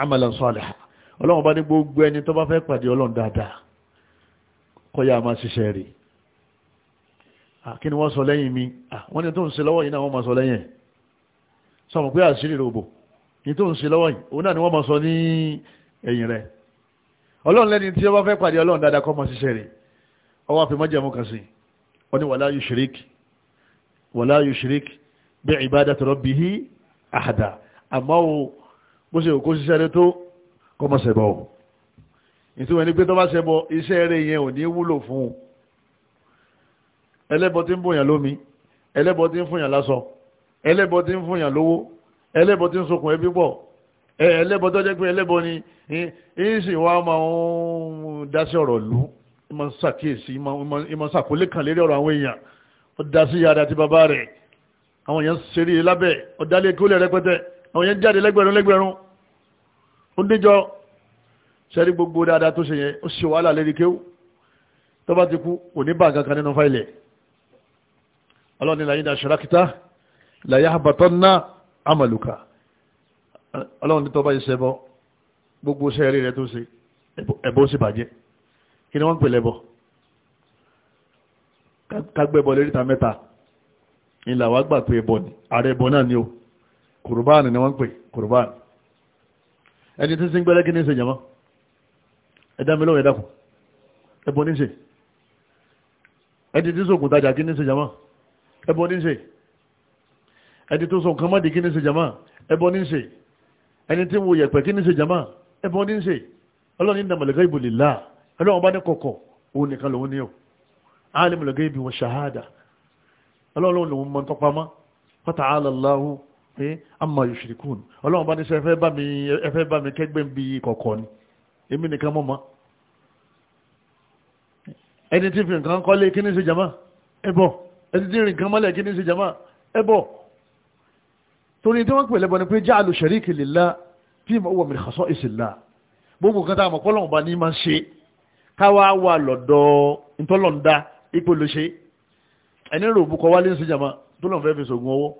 amalan salihan ọlọ́run bá ní gbogbo ẹni tó bá fẹ́ pàdé ọlọ́run dáadáa kọ́yà máa ṣiṣẹ́ rí kí ni wọ́n sọ lẹ́yìn mi wọ́n ní tó ń ṣe lọ́wọ́ yìí náà wọ́n máa sọ lẹ́yìn sọmọ pé àṣírí robo ní tó ń ṣe lọ́wọ́ yìí òun náà ni wọ́n máa sọ ní ẹ̀yìn rẹ̀ ọlọ́run lẹ́ni tí wọ́n fẹ́ pàdé ọlọ́run dáadáa kọ́ máa ṣiṣẹ́ rí ọwọ́ àfimọ́jẹ̀mú kan sí wọ́n ní wàlá yushrik wàlá yushrik bí ìbádà tọrọ bí i àdá àmọ́ o bó ṣe òkú ṣiṣẹ́ rẹ tó kọ́ mọ́ ṣẹbọ o ìtumọ̀ ní pé tó bá ṣẹbọ iṣẹ́ rẹ yẹn ò ní wúlò fún un ẹlẹ́bọ tí ń bòyàn lómi ẹlẹ́bọ tí ń fòyàn lásọ ẹlẹ́bọ tí ń fòyàn lówó ẹlẹ́bọ tí ń sokùn ẹbí pọ̀ ẹlẹ́bọ tó jẹ́ pé ẹlẹ́bọ ni ìsìn wa máa ń dásí ọ̀rọ̀ lù ìmọ̀ ṣàkíyèsí ìmọ̀ ṣàkólé kan lérí ọ̀rọ̀ àwọn èèyàn ó dásí yàrá ti bàbá rẹ̀ àwọn èèyàn ṣeré lábẹ́ ọ̀dálẹ̀ kólẹ̀ rẹpẹtẹ àwọn èèyàn jáde lẹ́gbẹ̀rún lẹ́gbẹ̀rún ó déjọ sẹ́rí gbogbo dáadáa tó ṣe yẹn ó ṣe wàhálà lérí kéwú tó bá ti kú kò ní bá kankan nínú fáìlẹ̀ ọlọ́ni làyín dá ṣọ́rákítá làyá àbàtọ́ ná àmàlùkà ọlọ́run tó bá yìí ṣẹbọ gbogbo sẹ́rí rẹ tó ṣe ẹbọ sì bàjẹ́ kí ni wọ́n ń pè lẹ́bọ kágbẹ́bọ léríta mẹ́ta ìlà wá gbà pé ẹbọ ni ààrẹ ẹbọ náà ni ó kùrùbáàni ni wọ́n pè kùrùbáàni ẹni tí sín gbẹ́lẹ́kí ní ṣe jama ẹ̀dá mi lọ́wọ́ ẹ̀dá kù ẹbọ ní ṣe ẹni tí sókùn tajà kí ní ṣe jama ẹbọ ní ṣe ẹni tó sọ nǹkan mọ́dì kí ní ṣe jama ẹbọ ní ṣe ẹni tí wo yẹ̀pẹ̀ kí ní ṣe jama ẹbọ ní ṣe ọlọ́run ọlọ́run lòun mọ́ tọpamọ́ ta'ala Allahu pé amma yushrikun ọlọ́run bá ní sọ ẹfẹ́ bá mi kẹ́gbẹ́ bí kọ̀kọ̀ ni èmi nìkan mọ́ mọ́ ẹni tí fi nǹkan kọ́lé kí ní sí jama ẹbọ ẹni tí rìn kan mọ́lẹ̀ kí ní sí jama ẹbọ torí tí wọ́n pè lẹ́bọ̀ ni pé ja'alu shariki lillah fi ma huwa min khasa'isillah gbogbo nǹkan tá a mọ̀ kọ́lọ́run bá ní máa ṣe káwá wà lọ́dọ̀ ntọ́lọ́ndá ẹni rò bukọ wálé ń sí jama tó lọ́n fẹ́ fi sògùn owó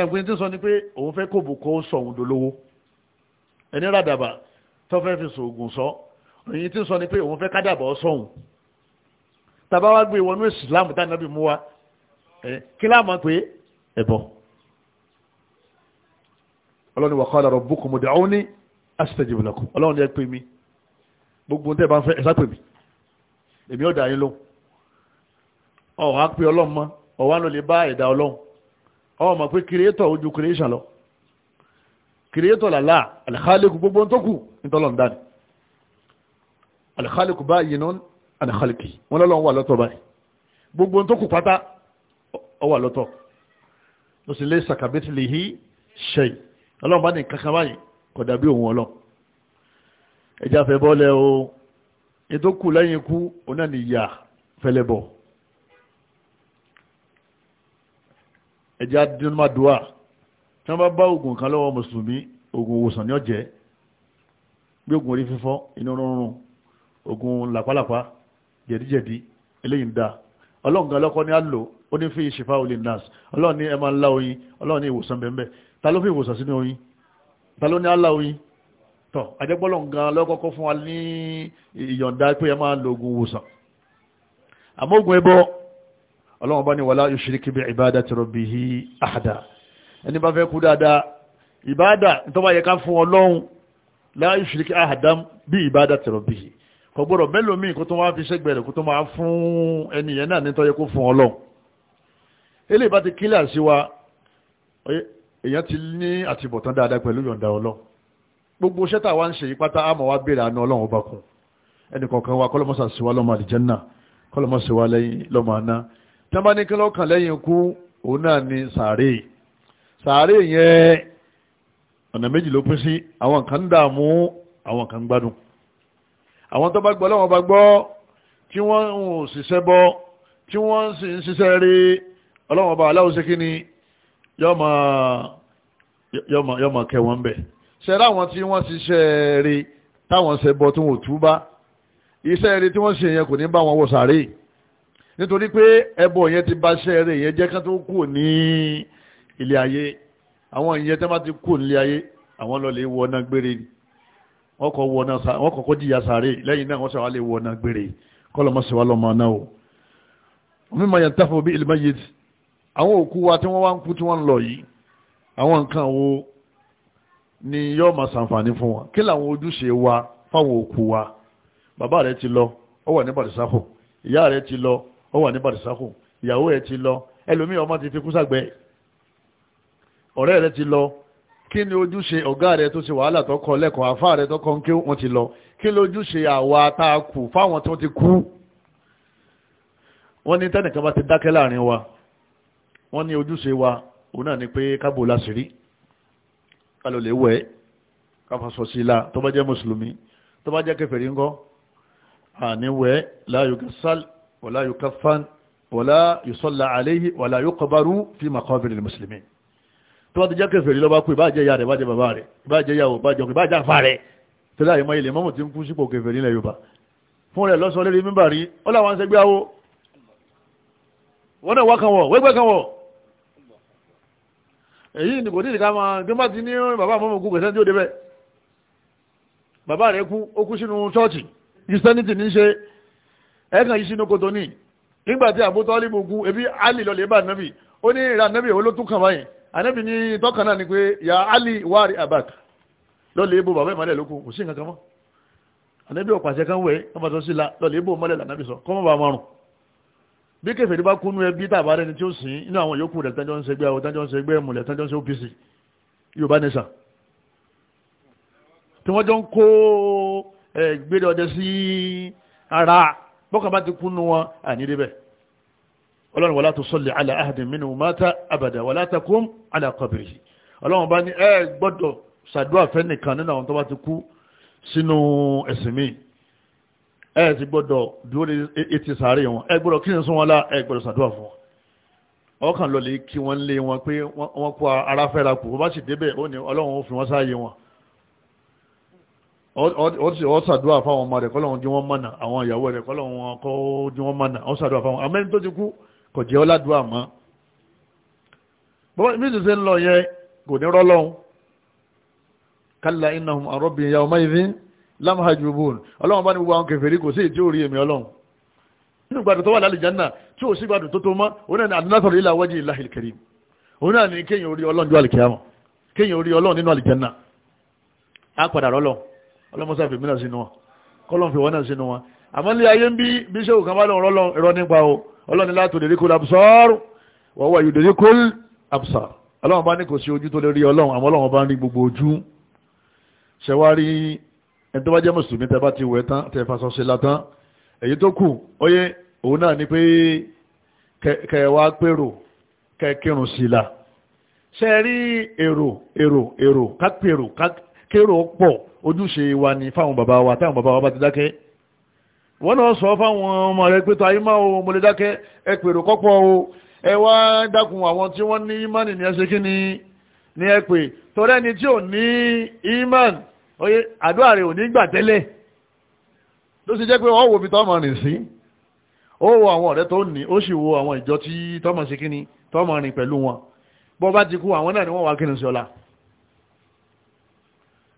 ẹ̀pin tí sọ ni pé òun fẹ́ kó bukọ sọ̀hún dolówó ẹni ràdàbà tó fẹ́ fi sògùn sọ òyìn tí sọ ni pé òun fẹ́ kádàbà sọ̀hún tàbá wá gbé wọnú ìsìlámù tá nàbí mú wa kí láàmà pé ẹ̀bọ ọlọ́ni wa qala rabbukum ud'uni astajib lakum ọlọ́run ni ẹ pè mí gbogbo tẹ́ bá ń fẹ́ ẹ̀sà pè mí èmi ọ̀dà yín lóhùn ọ̀hún á pé ọlọ́run mọ́ ọ̀hún á lọ lè bá ẹ̀dá ọlọ́run ọ̀hún mọ̀ pé kìrìẹ́tọ̀ ojú kìrìẹ́sàn lọ kìrìẹ́tọ̀ làlá àlìkálẹ́kù gbogbo tó kù nítọ́lọ̀ ń dání àlìkálẹ́kù bá yìí náà àlìkálẹ́kì wọn lọ́lọ́run wà lọ́tọ̀ báyìí gbogbo tó kù pátá ọ lọ́tọ̀ ló sì lé sàkàbẹ́tì lè hí ṣẹ́yì ọlọ́run bá ní kankan báyìí kò dàbí òun ọlọ́run ẹja fẹ́ bọ́lẹ̀ o ètò kù lẹ́yìn ikú òun náà ní ìyà fẹ́lẹ́ bọ̀ ẹjẹ́ adínmàdùá tí wọ́n bá bá oògùn kan lọ́wọ́ mùsùlùmí oògùn òwòsàn ní ọ̀jẹ́ bí oògùn orí fífọ́ inú rúnrún oògùn làpálàpá jẹ̀díjẹ̀dí eléyìí ń da ọlọ́run gan lọ́kọ́ ní àlò ó ní fi ìṣèfà olè nas ọlọ́run ní ẹ máa ń lá oyin ọlọ́run ní ìwòsàn bẹ̀m̀bẹ̀ ta ló fi ìwòsàn sínú oyin ta ló ní àlà oyin tọ́ àjẹgbọ́lọ̀ gan lọ́kọ́kọ́ fún wa ní ìyọ̀ǹda pé ẹ máa lo oògùn ìwòsàn àmọ́ oògùn ẹbọ ọlọ́wọ́n bá ní wala yushriku bi ibadati rabbihi ahada ẹni bá fẹ́ kú dáadáa ìbádà tó bá yẹ ká fún ọlọ́run la yushriku ahadan bi ibadati rabbihi kò gbọ́dọ̀ mẹ́lòmíì kó tó wá fi ṣẹ́gbẹ̀rẹ̀ kó tó máa fún ẹnìyẹn náà nítọ́ yẹ kó fún ọlọ́run eléyìí bá ti kílẹ̀ sí wa èèyàn ti ní àtibọ̀tán dáadáa pẹ̀lú yọ̀ǹda lẹ́yìn lọ́mọ àná tán bá ní kí lọ́kàn lẹ́yìn ikú òun náà ni sàárè sàárè yẹn ọ̀nà méjì ló pín sí àwọn kan ń dààmú àwọn kan ń gbádùn àwọn tó bá gbọ́ lọ́wọ́ bá gbọ́ tí wọ́n ń ṣiṣẹ́ bọ́ tí wọ́n sì ń ṣiṣẹ́ rí ọlọ́wọ́n bá aláwọ̀ ṣe kí ni yọ́ máa kẹ́ wọn bẹ̀ ṣe láwọn tí wọ́n ṣiṣẹ́ rí táwọn ṣẹbọ tí wọ́n ò túbá iṣẹ́ rí tí wọ́n ṣe yẹn kò ní bá wọn wọ sàárè nítorí pé ẹbọ yẹn ti bá ṣẹ́ rẹ̀ yẹn jẹ́ ká tó kù ní ilé ayé àwọn ìyẹn tẹ́ bá ti kù nílé ayé àwọn lọ lè wọná gbére wọ́n kọ́kọ́ jìyà sàárè lẹ́yìn náà wọ́n sọ̀rọ̀ lè wọná gbére kọ́lọ́mọ́sọ̀wá lọ́mọ náà o mímọ̀ yẹn tafọ̀ bí ilmọ̀ yìí àwọn òkú wa tí wọ́n wá ń kú tí wọ́n ń lọ yìí àwọn nǹkan wo ni yóò máa ṣàǹfààní fún wa kí làwọn ojúṣe wa fáwọn òkú wa bàbá rẹ ti lọ ó ní bàdìsáfò ìyá rẹ ti lọ ó wà ní bàdìsákù ìyàwó ẹ̀ ti lọ ẹlòmíì ọmọ ti fi kú sàgbẹ́ ọ̀rẹ́ rẹ̀ ti lọ kí ni ojúṣe ọ̀gá rẹ̀ tó ṣe wàhálà tó kọ lẹ́kọ̀ọ́ àfáà rẹ̀ tó kọ ń kí ti lọ kí ni ojúṣe àwa tá kù fáwọn tó ti kú wọ́n ní tẹ́nìkan bá ti dákẹ́ láàrin wa wọ́n ní ojúṣe wa òun náà ni pé kábò láṣìírí ká ló lè wẹ̀ káfàṣọ sí ilá tó bá jẹ́ mùsùlùmí tó bá jẹ́ kèfèrí ńkọ́ àníwẹ̀ láyò gẹ́sàlì wala yukaffan wala yusalla alayhi wala yuqbaru fi maqabir almuslimin tó bá ti jẹ́ kèfèrí ló bá kú ìbájẹ́ ìyá rẹ̀ ìbájẹ́ bàbá rẹ̀ ìbájẹ́ ìyàwó ìbájẹ́ ọkọ̀ ìbájẹ́ àfà rẹ̀ tó láyé mọ́ ilẹ̀ mọ́mù tí ń kú sípò kèfèrí ilẹ̀ Yorùbá fún rẹ̀ lọ́sọ lérí mímbà rí ó láwọn ṣe gbáwó wọ́n náà wá kan wọ̀ wẹ́gbẹ́ kan wọ̀ èyí ni kò nídìí ká máa bí má ti ní bàbá mọ́mù kú kẹsẹ́ tí ó débẹ̀ bàbá rẹ̀ kú ó kú sínú ṣọ́ọ̀ṣì Christianity ní ṣe ẹ̀kan yìí sínú kòtò ní nígbàtí Abu Talib gun ebi Ali lọ lè bá anabi ó ní ìrà anabi èwo ló tún kàn báyìí anabi ní tọ́kàn náà ni pé ya Ali wari abak lọ lè bo bàbá ìmọ̀lẹ̀ lókun kò sí nǹkan kan mọ́ anabi ò pàṣẹ kan wẹ̀ ọba tó sí la lọ lè bo mọ́lẹ̀ lànàbì sọ kọ́ mọ́ bá márùn bí kẹfẹ́rí bá kúnú ẹbí tàbá rẹni tí ó sìn inú àwọn yòókù rẹ̀ ara bọ́kà bá ti kúnnú wọn àní débẹ̀ ọlọ́run wala tusalli ala ahadin minhum mata abada wala taqum ala qabrihi ọlọ́run bá ní ẹ gbọ́dọ̀ ṣàdúrà fẹ́ nìkan nínú àwọn tó bá ti kú sínú ẹ̀sìn mi ẹ ti gbọ́dọ̀ dúró etí sàárè wọn ẹ gbọ́dọ̀ kí ni sún wọn lá ẹ gbọ́dọ̀ ṣàdúrà fún wọn ọkàn lọ lè kí wọ́n lé wọn pé wọ́n kó ara kù wọ́n bá sì débẹ̀ ó ní ọlọ́run ó fi wọ́n sáàyè wọn ọ ṣàdúrà fáwọn ọmọ rẹ̀ kọ́lọ́hún jí wọ́n mọ̀nà àwọn ìyàwó rẹ̀ kọ́lọ́hún ọkọ jí wọ́n mọ̀nà ọ ṣàdúrà fáwọn amẹ́ni tó ti kú kò jẹ́ ọládùúà mọ́ bọ́bá ibi ìṣẹ́ ń lọ yẹn kò ní rọ́lọ́hún kálá innahum àrọ́bì ìyá ọmọ ìdí lámàájúbùn ọlọ́run bá ní gbogbo àwọn kèfèrí kò sí èyí tí ó rí èmi ọlọ́run nínú gbàdùn tó wà lálẹ́ jẹ́nà tí ò sí gbàdùn tó tó mọ́ ni àdínátọ̀rọ̀ ilà wájú ìlà ìkẹrì òun náà ni kéèyàn orí ọlọ́run ju àlìkẹ́ àmọ́ kéèyàn orí ọlọ́run nínú àlìjẹ́nà ọlọ́mọsá fèmí náà sínú wọn kọ́lọ́n fèwọ́n náà sínú wọn àmọ́ ní ayé ń bí bí ṣéwù kan bá lọ́n rọ́lọ́ ẹ̀rọ nípa o ọlọ́ni látò lèrí kúl absar wọ́n wà yòdèrí kúl absar ọlọ́run bá ní kò sí ojú tó lè rí ọlọ́run àmọ́ ọlọ́run bá ní gbogbo ojú ṣẹwárí ẹni tó bá jẹ́ mùsùlùmí tẹ bá ti wẹ̀ tán tẹ fasọ ṣe látán èyí tó kù óyé òun náà ni pé kẹ wá pérò kẹ kírun sí la ṣe rí èrò èrò èrò ká pèrò ká kérò pọ̀ ojúṣe wa ni fáwọn bàbá wa táwọn bàbá wa bá ti dákẹ́ wọ́n náà sọ fáwọn ọmọ rẹ̀ pé tàyí o mo lè dákẹ́ ẹ kọ́pọ̀ o ẹ wá àwọn tí wọ́n ní imani ní ẹsẹ̀ kí ni ní ẹ pè torí ẹni tí ò ní iman oye àdúrà rẹ̀ ò ní gbà tẹ́lẹ̀ ló sì jẹ́ pé wọ́n wo bí tọ́mọ rìn sí ó wo àwọn ọ̀rẹ́ tó ní ó sì wo àwọn ìjọ tí tọ́mọ sí kí ni tọ́mọ rìn pẹ̀lú wọn bọ́ bá ti kú àwọn náà ni wọ́n wá kí ni sí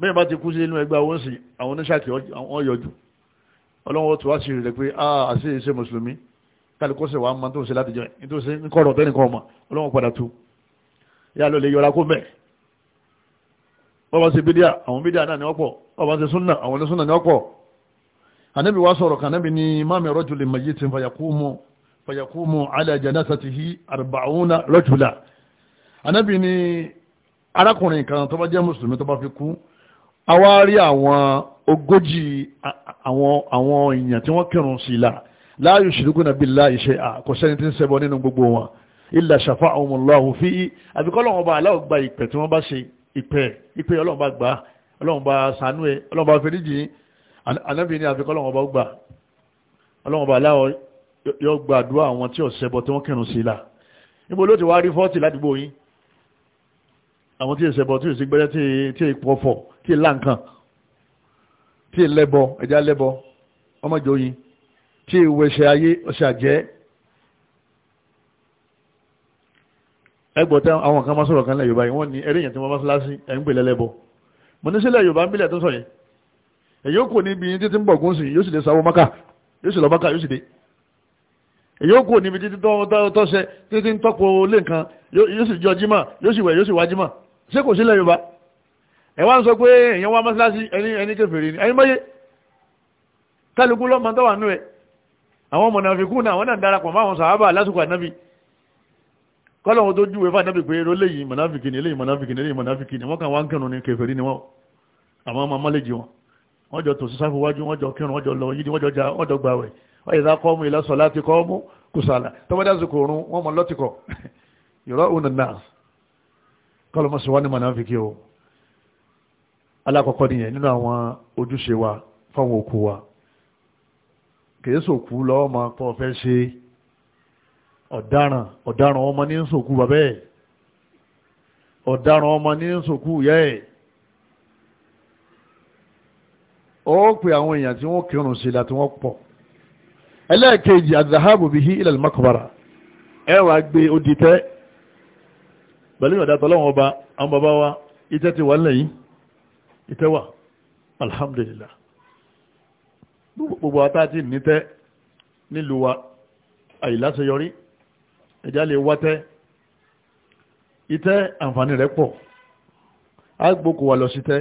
bẹ́ẹ̀ bá ti kú sí inú ẹgbẹ́ àwọn sí àwọn oníṣàkì wọ́n yọjú ọlọ́wọ́ tó wá sí rẹ̀ pé a ah, àṣẹ ìṣe mùsùlùmí kálukọ́ sí máa tó ń ṣe láti jẹ tó ṣe ń kọ̀rọ̀ tẹ́nì kan ọmọ ọlọ́wọ́ padà tu yá lọ lè yọra kó mẹ́ bọ́ba ṣe bídíà àwọn bídíà náà ní ọ̀pọ̀ bọ́ba ṣe súnà àwọn ní súnà ní ọ̀pọ̀ ànábì wá sọ̀rọ̀ kànábì ni mami rajulin mayyitin fayakumu fayakumu bá jẹ́ mùsùlùmí tó a wá rí àwọn ogójì àwọn àwọn èèyàn tí wọ́n kírun sí la la yushrikuna billahi shay'a kò sẹ́ni tí ń ṣẹbọ nínú gbogbo wọn illa shafa'ahumullahu fi àbíkọ́ ọlọ́run ọba aláwọ̀ gba ìpè tí wọ́n bá ṣe ìpè ìpè ọlọ́run bá gbà ọlọ́run bá ṣàánú ẹ ọlọ́run bá fẹ́ríjì anábì ní àbíkọ́ la níbo ló àwọn tí ìṣẹ̀bọ̀ tí ìṣẹ̀ gbẹ́rẹ́ tí ìpọ̀fọ̀ tí ìlànkan tí ìlẹ́bọ ẹja lẹ́bọ ọmọjọ yin tí ìwẹ̀ṣẹ̀ ayé ọ̀ṣẹ̀ àjẹ́ ẹgbọ̀tẹ́ àwọn kan máa sọ̀rọ̀ kan lẹ̀ Yorùbá yìí wọ́n ní ẹ̀rẹ́yìn tí wọ́n máa fúláṣí ẹ̀ ń pèlẹ́ lẹ́bọ mo ní sílẹ̀ Yorùbá ń bílẹ̀ tó sọ yẹn èyí ó kò níbi títí ń bọ̀gún sí yóò sì lè sáwọ́ mọ́kà yóò sì lọ mọ́kà yóò sì dé èyí ó kò níbi títí tọ́ṣẹ títí ń tọ́pọ̀ lé yóò sì jọ jímà yóò sì wẹ̀ yóò sì wá jímà ṣé kò sílẹ̀ yorùbá ẹ wá ń sọ pé èèyàn wá mọ́sálásí ẹni ẹni kèfèrí ni ẹni mọ́yé kálukú lọ́mọ tó wà nú ẹ̀ àwọn mọ̀nàfikún náà wọ́n náà darapọ̀ máwọn sàhábà lásìkò ànábì kọ́lọ̀wọ́n tó júwe fún ànábì pé eré léyìí mọ̀nàfikì ni eléyìí mọ̀nàfikì ni eléyìí mọ̀nàfikì ni wọ́n kàn wá ń kírun ní kèfèrí ni wọ́n àwọn ọmọ mọ́lẹ́jì wọn wọ́n jọ tòṣì sáfù wájú wọ́n jọ kírun wọ́n jọ lọ yídi wọ́n jọ ja kọ́lọ́ mọ́ sọ wá ní mọ̀nàfíkì o alákọ̀ọ́kọ́ nìyẹn nínú àwọn ojúṣe wa fáwọn òkú wa kèésò kú lọ́wọ́ máa pọ̀ fẹ́ ṣe ọ̀daràn ọ̀daràn ọmọ ní sòkú bàbá ẹ̀ ọ̀daràn ọmọ ní sòkú ìyá ẹ̀ ó pe àwọn èèyàn tí wọ́n kírun sí la wọ́n pọ̀ ẹlẹ́ẹ̀kejì àdàhábù bíi ilẹ̀ lọ́mọkọ̀bára ẹ wàá gbé odi tẹ́ pẹ̀lú ìyọ̀dá tọ́lọ́wọ́n ọba àwọn bàbá wa ìtẹ́ ti wà lẹ́yìn ìtẹ́wà alhamdulillah gbogbo àtàtì nítẹ́ nílùú wa àìláṣeyọrí ẹjá lè wátẹ́ ìtẹ́ àǹfààní rẹ̀ pọ̀ agbókò wà lọ sí tẹ́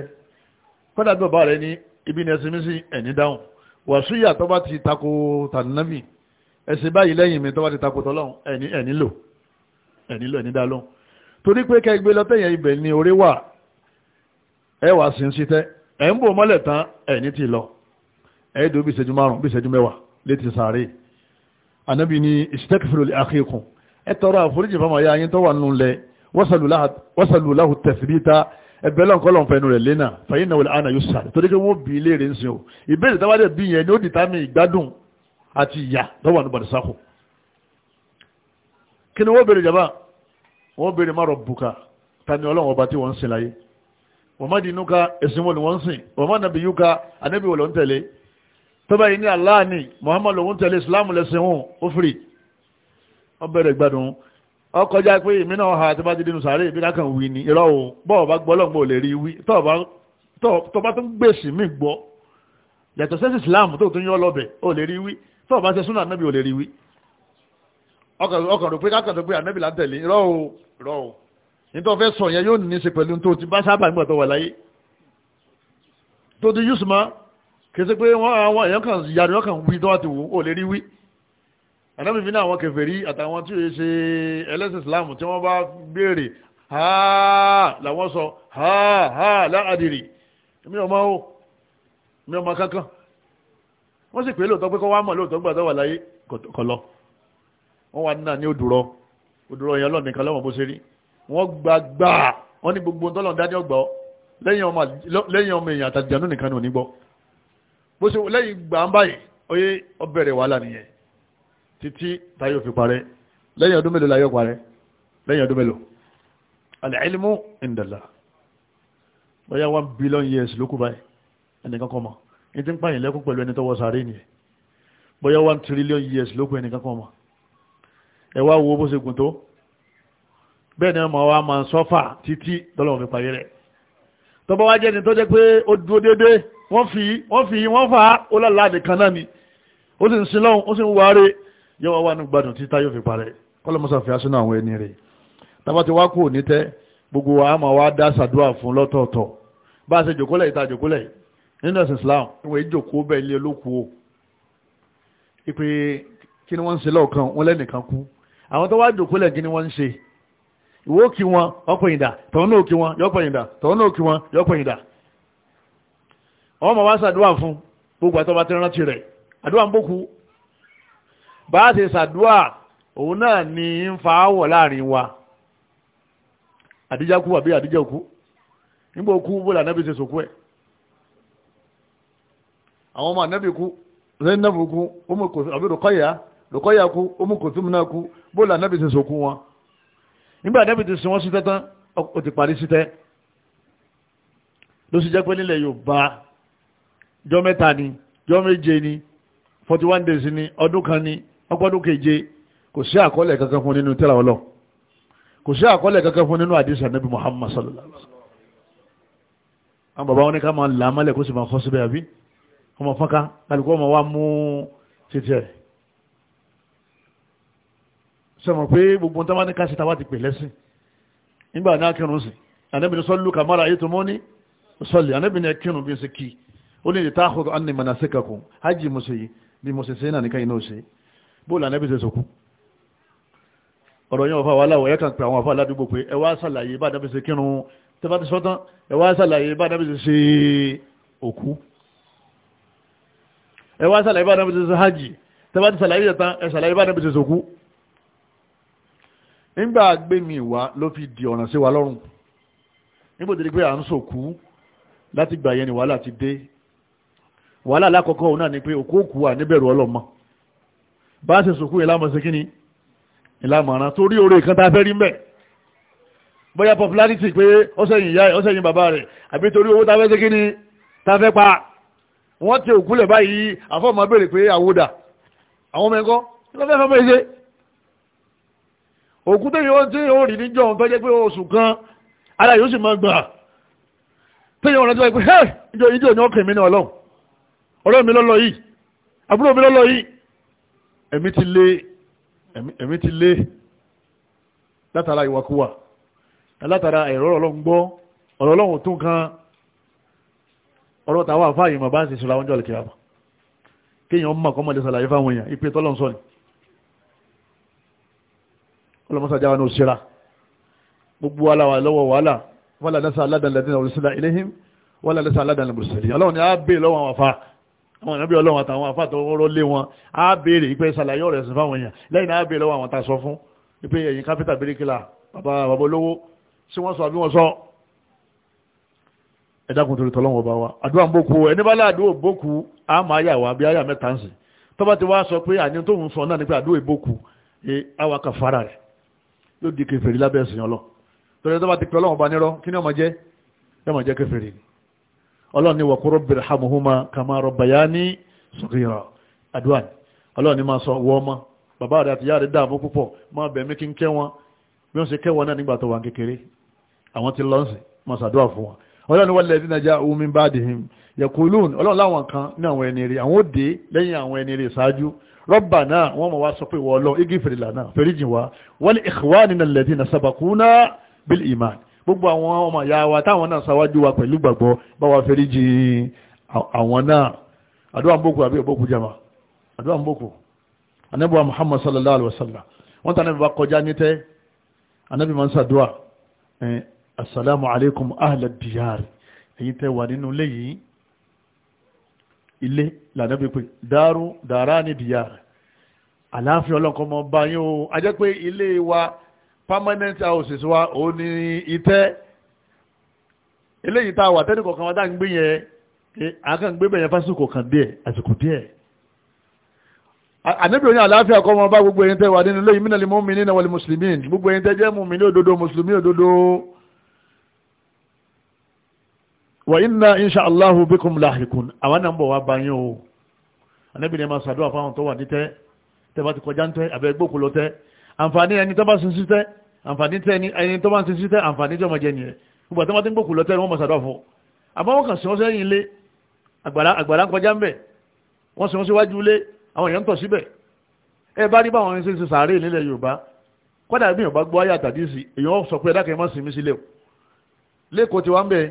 kọ́dà bí bàbá rẹ̀ ní ibi ní ẹsìn mísìn ẹ̀ní dáhùn wàsúyà tó bá ti tako tànàmì ẹ̀sìn báyìí lẹ́yìn mi tó bá ti tako tọ́lọ́hùn ẹ̀ní lò ẹ̀ní lò ẹ̀ní dá torí pé kẹgbẹ́ lọ́tẹ̀yìn ibẹ̀ ni orí wà ẹ sí ń sítẹ́ ẹ̀ ń bò mọ́lẹ̀ tán ẹ̀ ní ti lọ ẹ̀ dùn bí ìṣẹ́jú márùn-ún bí ìṣẹ́jú mẹ́wàá létí sàárè ànábì ni istaghfiru li akhikum ẹ tọrọ àforíjì fáwọn ayé ayín tó wà nù lẹ wasalu lahu tathbita ẹbẹ lọ́nkọ́lọ́n fẹnu rẹ̀ lẹ́nà fàyínà wọlé àná yóò sàrẹ̀ torí pé wọ́n bí ilé rẹ̀ ń sin o ni ó dì tá mi ìgbádùn àti ìyà lọ́wọ́ àdúgbò àdìsákò kí ni wọ́n wọ́n béèrè má rabbuka ta ni ọlọ́run ọba tí wọ́n ń sin láyé wọ́n má dinuka ẹ̀sìn wọn ni wọ́n ń sìn wọ́n má nabiyuka anábì wọ̀ ló tẹ̀lé tọ́ba yìí ní Allah ni Muhammad lòun tẹ̀lé Islam lẹ́sìn wọn ó firi wọ́n bẹ̀rẹ̀ gbádùn ọ kọjá pé èmi náà ha tí bá ti dínú sàárè ìbí lákàn wí ni irọ́ o bọ́ọ̀ bá gbọ́ lọ́gbọ́ lè rí wí tọ́ọ̀bá tó ń gbèsè mí gbọ́ yàtọ̀ sẹ́sì Islam tó tún yọ́ lọ́bẹ̀ ò lè rí wí tọ́ọ̀bá ṣe súnà nábì ò lè rí wí ọkàn rò pé kákan tó pé ànábì là ń tẹ̀lé rọ o rọ o nítorí fẹ́ sọ yẹn yóò ní í ṣe pẹ̀lú tó ti bá sábà nígbà tó wà láyé tó ti yusuf ma kèsì pé wọ́n àwọn èèyàn kan yàrá wọn kan wí tó wà ti wù ó lè rí wí ànábì fi ní àwọn kèfèrí àtàwọn tí yóò ṣe ẹlẹ́sìn islam tí wọ́n bá béèrè ha làwọn sọ ha ha láàdìrì mi ò mọ̀ o mi ò mọ̀ kankan wọ́n sì pé lóòótọ́ pé kọ́ wá mọ̀ lóòótọ́ gbà wà láyé kọ̀ lọ wọ́n wà náà ní òdùrọ̀ òdùrọ̀ yẹn ọlọ́run nìkan lọ́wọ́ bó ṣe rí wọ́n gba gbà wọ́n ní gbogbo tọ́lọ̀ dájọ́ gbọ́ lẹ́yìn ọmọ èèyàn àtàjànú nìkan ní òní gbọ́ bó ṣe lẹ́yìn gbà ń báyìí oyé ọbẹ̀rẹ̀ wàhálà nìyẹn títí táyọ̀ fi parẹ́ lẹ́yìn ọdún mélòó láyọ̀ parẹ́ lẹ́yìn ọdún mélòó al-ilmu indallah bóyá one billion years ló kú báyìí ẹnìkan kọ́ mọ̀ ní ti ń pààyàn one trillion years ló kú ẹnìkan kọ́ mọ̀ ẹ wá wo bó ṣe gùn tó bẹ́ẹ̀ ni ọmọ wa máa ń sọ́fà títí tọ́lọ́wọ́ fi parí rẹ̀ tọ́bọ́ wá jẹ́ni tó jẹ́ pé ó dúró déédéé wọ́n fi wọ́n fi wọ́n fà á ó lọ́la nìkan náà ni ó sì ń sin lọ́hùn ó sì ń wáre yóò wá wà gbádùn títà yóò fi parẹ́ kọ́lọ́mọ́sá fi aṣọ́nà àwọn ẹni rẹ̀ tàbá ti wá kú òní tẹ́ gbogbo wa máa wá dá sàdúrà fún lọ́tọ̀ọ̀tọ̀ bá a ṣe jòkólẹ̀ ìta jòkólẹ̀ nínú ẹ̀sìn Islam ìwé ìjòkó bẹ́ẹ̀ lé olókùú o ìpè kí ni wọ́n ń àwọn tó wá jòkólẹ̀ kí ni wọ́n ń ṣe ìwó kí wọn ọ̀pọ̀ ìdà tọ́nà òkí wọn yọ́pọ̀ ìdà tọ́nà òkí wọn yọ́pọ̀ ìdà ọmọ wá sàdúwà fún gbogbo àtọ́bá tí rántí rẹ̀ àdúwà ń bókú bá a sàdúwà òun náà ni ń fa áwọ̀ láàrin wa àdíjá kú àbí àdíjá òkú nígbà òkú bó là nẹ́bí ṣe sòkú ẹ̀ àwọn ọmọ ànẹ́bí kú zainab kú ọmọ kò àbí lòkọ́yà kú omu kòtùmù náà kú bóòlù ànábì ti sòkú wọn nígbà ànábì ti sin wọn sí tẹ́tán ó ti parí sí tẹ́ ló sì jẹ́ pé nílẹ̀ Yorùbá jọ mẹ́ta ni jọ méje ni forty one days ni ọdún kan ni ọgbọ́dún keje kò sí àkọọ́lẹ̀ kankan fún nínú tẹ́lá ọlọ́ kò sí àkọọ́lẹ̀ kankan fún nínú àdìsí ànábì Muhammad sallallahu alaihi wasallam àwọn bàbá wọn ní ká máa là á mọ́lẹ̀ kó sì máa fọ́ síbẹ̀ àbí ọmọ fọ́nká kálukú ọmọ wa mú títí ẹ̀ sọmọ pé gbogbo tó bá ní káṣítà wá ti pè lẹ́sìn nígbà náà kírun sí anábìnrin sọ́lù kàmárà ayé tó mọ́ ní sọ́lì anábìnrin kírun bí i sí kí ó lè ta àkókò ánì mọ̀nà sí kankan hajj mo ṣe yìí bí mo ṣe ṣe náà nìkan iná ṣe bóòlù anábìnrin ṣe sọkú ọ̀rọ̀ yẹn ọ̀fà wàhálà wọ̀nyẹ́ kan pé àwọn afọ aládùúgbò pé ẹ wá ṣàlàyé bá dábì ṣe kírun tó bá ti sọ́tán ẹ wá ṣàlàyé bá dábì ṣe nígbà gbẹ̀mí ìwà ló fi di ọ̀ràn sí wa lọ́rùn níbo tẹ́lẹ̀ pé à ń sòkú láti gbà yẹn ni wàhálà ti dé wàhálà lákọ̀ọ́kọ́ òun náà ni pé òkú òkú wà níbẹ̀rù ọlọ́mọ bá ṣe sòkú yẹn lámọ̀ sí kíni ìlàmọ̀ràn torí oore kan tá a fẹ́ rí mẹ́ bóyá popularity pé ó sẹ́yìn ìyá ẹ̀ ó sẹ́yìn bàbá rẹ̀ àbí torí owó tá fẹ́ sí kíni tá fẹ́ pa wọ́n ti òkú lẹ̀ báyìí àfọ́ọ̀mọ́ béèrè pé àwòdà àwọn ọmọ ẹ̀kọ́ kí ló fẹ́ fẹ́ bẹ́ẹ̀ ṣe òkú tẹ́yìn ó tí ó rí níjọ́ òun tó jẹ́ pé oṣù kan ara yóò sì máa gbà tẹ́yìn ọ̀rọ̀ tó wáyé pé ẹ́ ìjọ ìjọ ìyàn ọkàn mi ní ọlọ́run ọ̀rẹ́ mi lọ́lọ́ yìí àbúrò mi lọ́lọ́ yìí ẹ̀mí ti lé ẹ̀mí ti lé látara ìwàkuwà látara ẹ̀rọ ọlọ́run gbọ́ ọ̀rọ̀ ọlọ́run tún kan ọ̀rọ̀ tàwa àfáà yìí bá ń ṣe ṣùlá wọn jọ ọlọ́mọ́sá jáwá ní òṣèrà gbogbo wàhálà wà lọ́wọ́ wàhálà wàhálà lẹ́sà aládàlẹ́dìn òrìṣẹ́lá iléhìn wàhálà lẹ́sà aládàlẹ́ òrìṣẹ́lẹ̀ ọlọ́run ni a béèrè lọ́wọ́ àwọn afá àwọn ìnábí ọlọ́run àtàwọn afá tó rọ́ lé wọn a béèrè ìpè ṣàlàyé ọ̀rẹ́ sí fáwọn èèyàn lẹ́yìn a béèrè lọ́wọ́ àwọn ta sọ fún ìpè ẹ̀yìn káfíńtà bíríkìlà bàbá bàbá olówó sí wọ́n sọ àbí wọ́n sọ ẹ dákun torí tọ́lọ́wọ́ bá wa àdúrà ń bókú ẹni bá láàdúrà bókú a máa yà wá bí a yà mẹ́ta ń sìn tọ́ba ti wá sọ pé àní tóun sọ náà ni pé àdúrà ìbókú àwa e, kàfàrà rẹ̀ yóò di kèfèrí lábẹ́ ẹ̀sìn ọlọ́ torí ẹjọ́ bá ti pẹ́ ọlọ́run bá nírọ́ kí ni ọmọ jẹ́ ẹ mọ̀ jẹ́ kèfèrí ọlọ́run ni wọ̀kú rọ́bì rahamuhuma kama rabbayani sọ̀kìyàn àdúrà ọlọ́run ni máa sọ wọ́ ọmọ bàbá rẹ̀ àti ìyá rẹ̀ dààmú púpọ̀ máa bẹ̀ mí kí n kẹ́ bí wọ́n ṣe kẹ́ náà nígbà tó wà kékeré àwọn ti lọ́nsìn máa ṣàdúrà fún wọn ọlọ́run wọ́n lẹ́dí nàjà omi bá dìhìn yẹ̀kùlùn ọlọ́run láwọn kan ní àwọn ẹni rí àwọn òde lẹ́yìn àwọn ẹni rí ṣáájú rọ́bà náà wọ́n mọ̀ wá sọ pé wọ́n lọ igi fèrèlà náà fèrèjì wa wọ́n ní ikhwanina alladhina sabaquna bil iman gbogbo àwọn ọmọ ìyá wa táwọn náà ṣáwájú wa pẹ̀lú gbàgbọ́ bá wa fèrèjì àwọn náà àdúrà ń bòkù àbí òbòkù jama àdúrà ń bòkù anábìwa muhammad sallallahu alaihi wa sallam wọ́n tàn assalamu alaikum ahlad diyar ẹ̀yin tẹ́ wà nínú ilé yìí ilé lànàbí pé dáàrú dáàrá ní diyar àláfíà ọlọ́kọ̀ mọ́ bá yín o a jẹ́ pé ilé wa permanent houses wa ò ní itẹ́ eléyìí tá a wà tẹ́nìkọ̀ kan wá dá ń gbé yẹn àákàn gbé bẹ̀yẹn fásitì kan díẹ̀ àsìkò díẹ̀ ànábì oyin àláfíà kọ́ mọ́ bá gbogbo ẹ̀yin tẹ́ wà nínú ilé yìí mínàlì mọ́mìnì náà wọlé mùsùlùmí gbogbo ẹ̀yin tẹ́ jẹ́ mùmìnì òdodo mùsùlùmí òdodo wa inna insha allahu bikum lahikun àwọn náà ń bọ̀ wá bá yín o anábì ní máa ṣàdúrà fáwọn tó wà ní tẹ́ tẹ́ bá ti kọjá ń tẹ́ àbẹ́ gbókò lọ tẹ́ àǹfààní ẹni tó bá sin sí tẹ́ àǹfààní tẹ́ ẹni tó bá sin sí tẹ́ àǹfààní tí ọmọ jẹ nìyẹn gbogbo àti wọn ti ń gbókò lọ tẹ́ wọ́n máa ṣàdúrà fún àbáwọn kan sọ sẹ́yìn ilé àgbàlá àgbàlá ń kọjá ń bẹ̀ wọ́n sọ síwájú ilé àwọn èèyàn ń tọ̀ síbẹ̀ ẹ bá rí báwọn ṣe ń ṣe sàárè nílẹ̀ yorùbá kọ́dà bí èèyàn bá gbọ́ ayé àtàdísì èèyàn sọ pé ẹ̀dá kan ẹ̀ má sinmi sílẹ̀ o lẹ́kọ̀ọ́ ti wá ń bẹ̀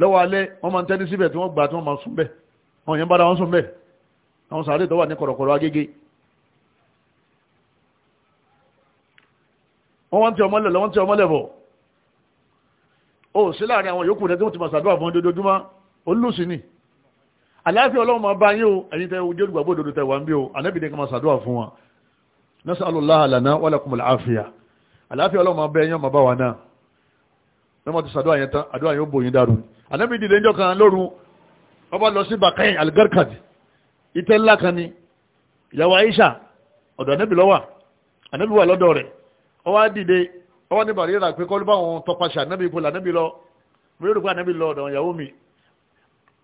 lọ́wọ́ alẹ́ wọ́n máa ń tẹ́lí síbẹ̀ tí wọ́n gbà tí wọ́n máa sún bẹ̀ àwọn èèyàn bára wọn sún bẹ̀ àwọn sàárè tó wà ní kọ̀rọ̀kọ̀rọ̀ agége wọ́n wá ń tẹ ọmọlẹ̀ lọ́wọ́ tẹ ọmọlẹ̀ bọ̀ ó sí láàrin àwọn yòókù rẹ̀ tí wọ́n ti máa sàdúrà fún ojoojúmọ́ olùsìn ni àláfíà ọlọ́run máa bá yín o ẹ̀yin tẹ ojú olùgbàgbọ́ òdodo tẹ wà ń bí o ànábìdẹ́ kan máa sàdúrà fún wọn nasalullah lana wa lakum al'afiya àláfíà ọlọ́run máa bá yín ọmọ bá wa náà lọ́mọ ti sàdúrà yẹn tán àdúrà yóò bò yín dàrú ni ànábì dìde ńjọ́ kan lóru ọba lọ sí bakayin algarkad ìtẹ́ ńlá kan ni ìyàwó aisha ọ̀dọ̀ ànábì lọ́wà ànábì wà lọ́dọ̀ rẹ̀ ọwá dìde ọwá ní bàrí rà pé kọ́ ló bá wọn tọpaṣẹ ànábì ipò lànábì lọ mo lérò pé ànábì lọ ọ̀dọ̀ ìyàwó mi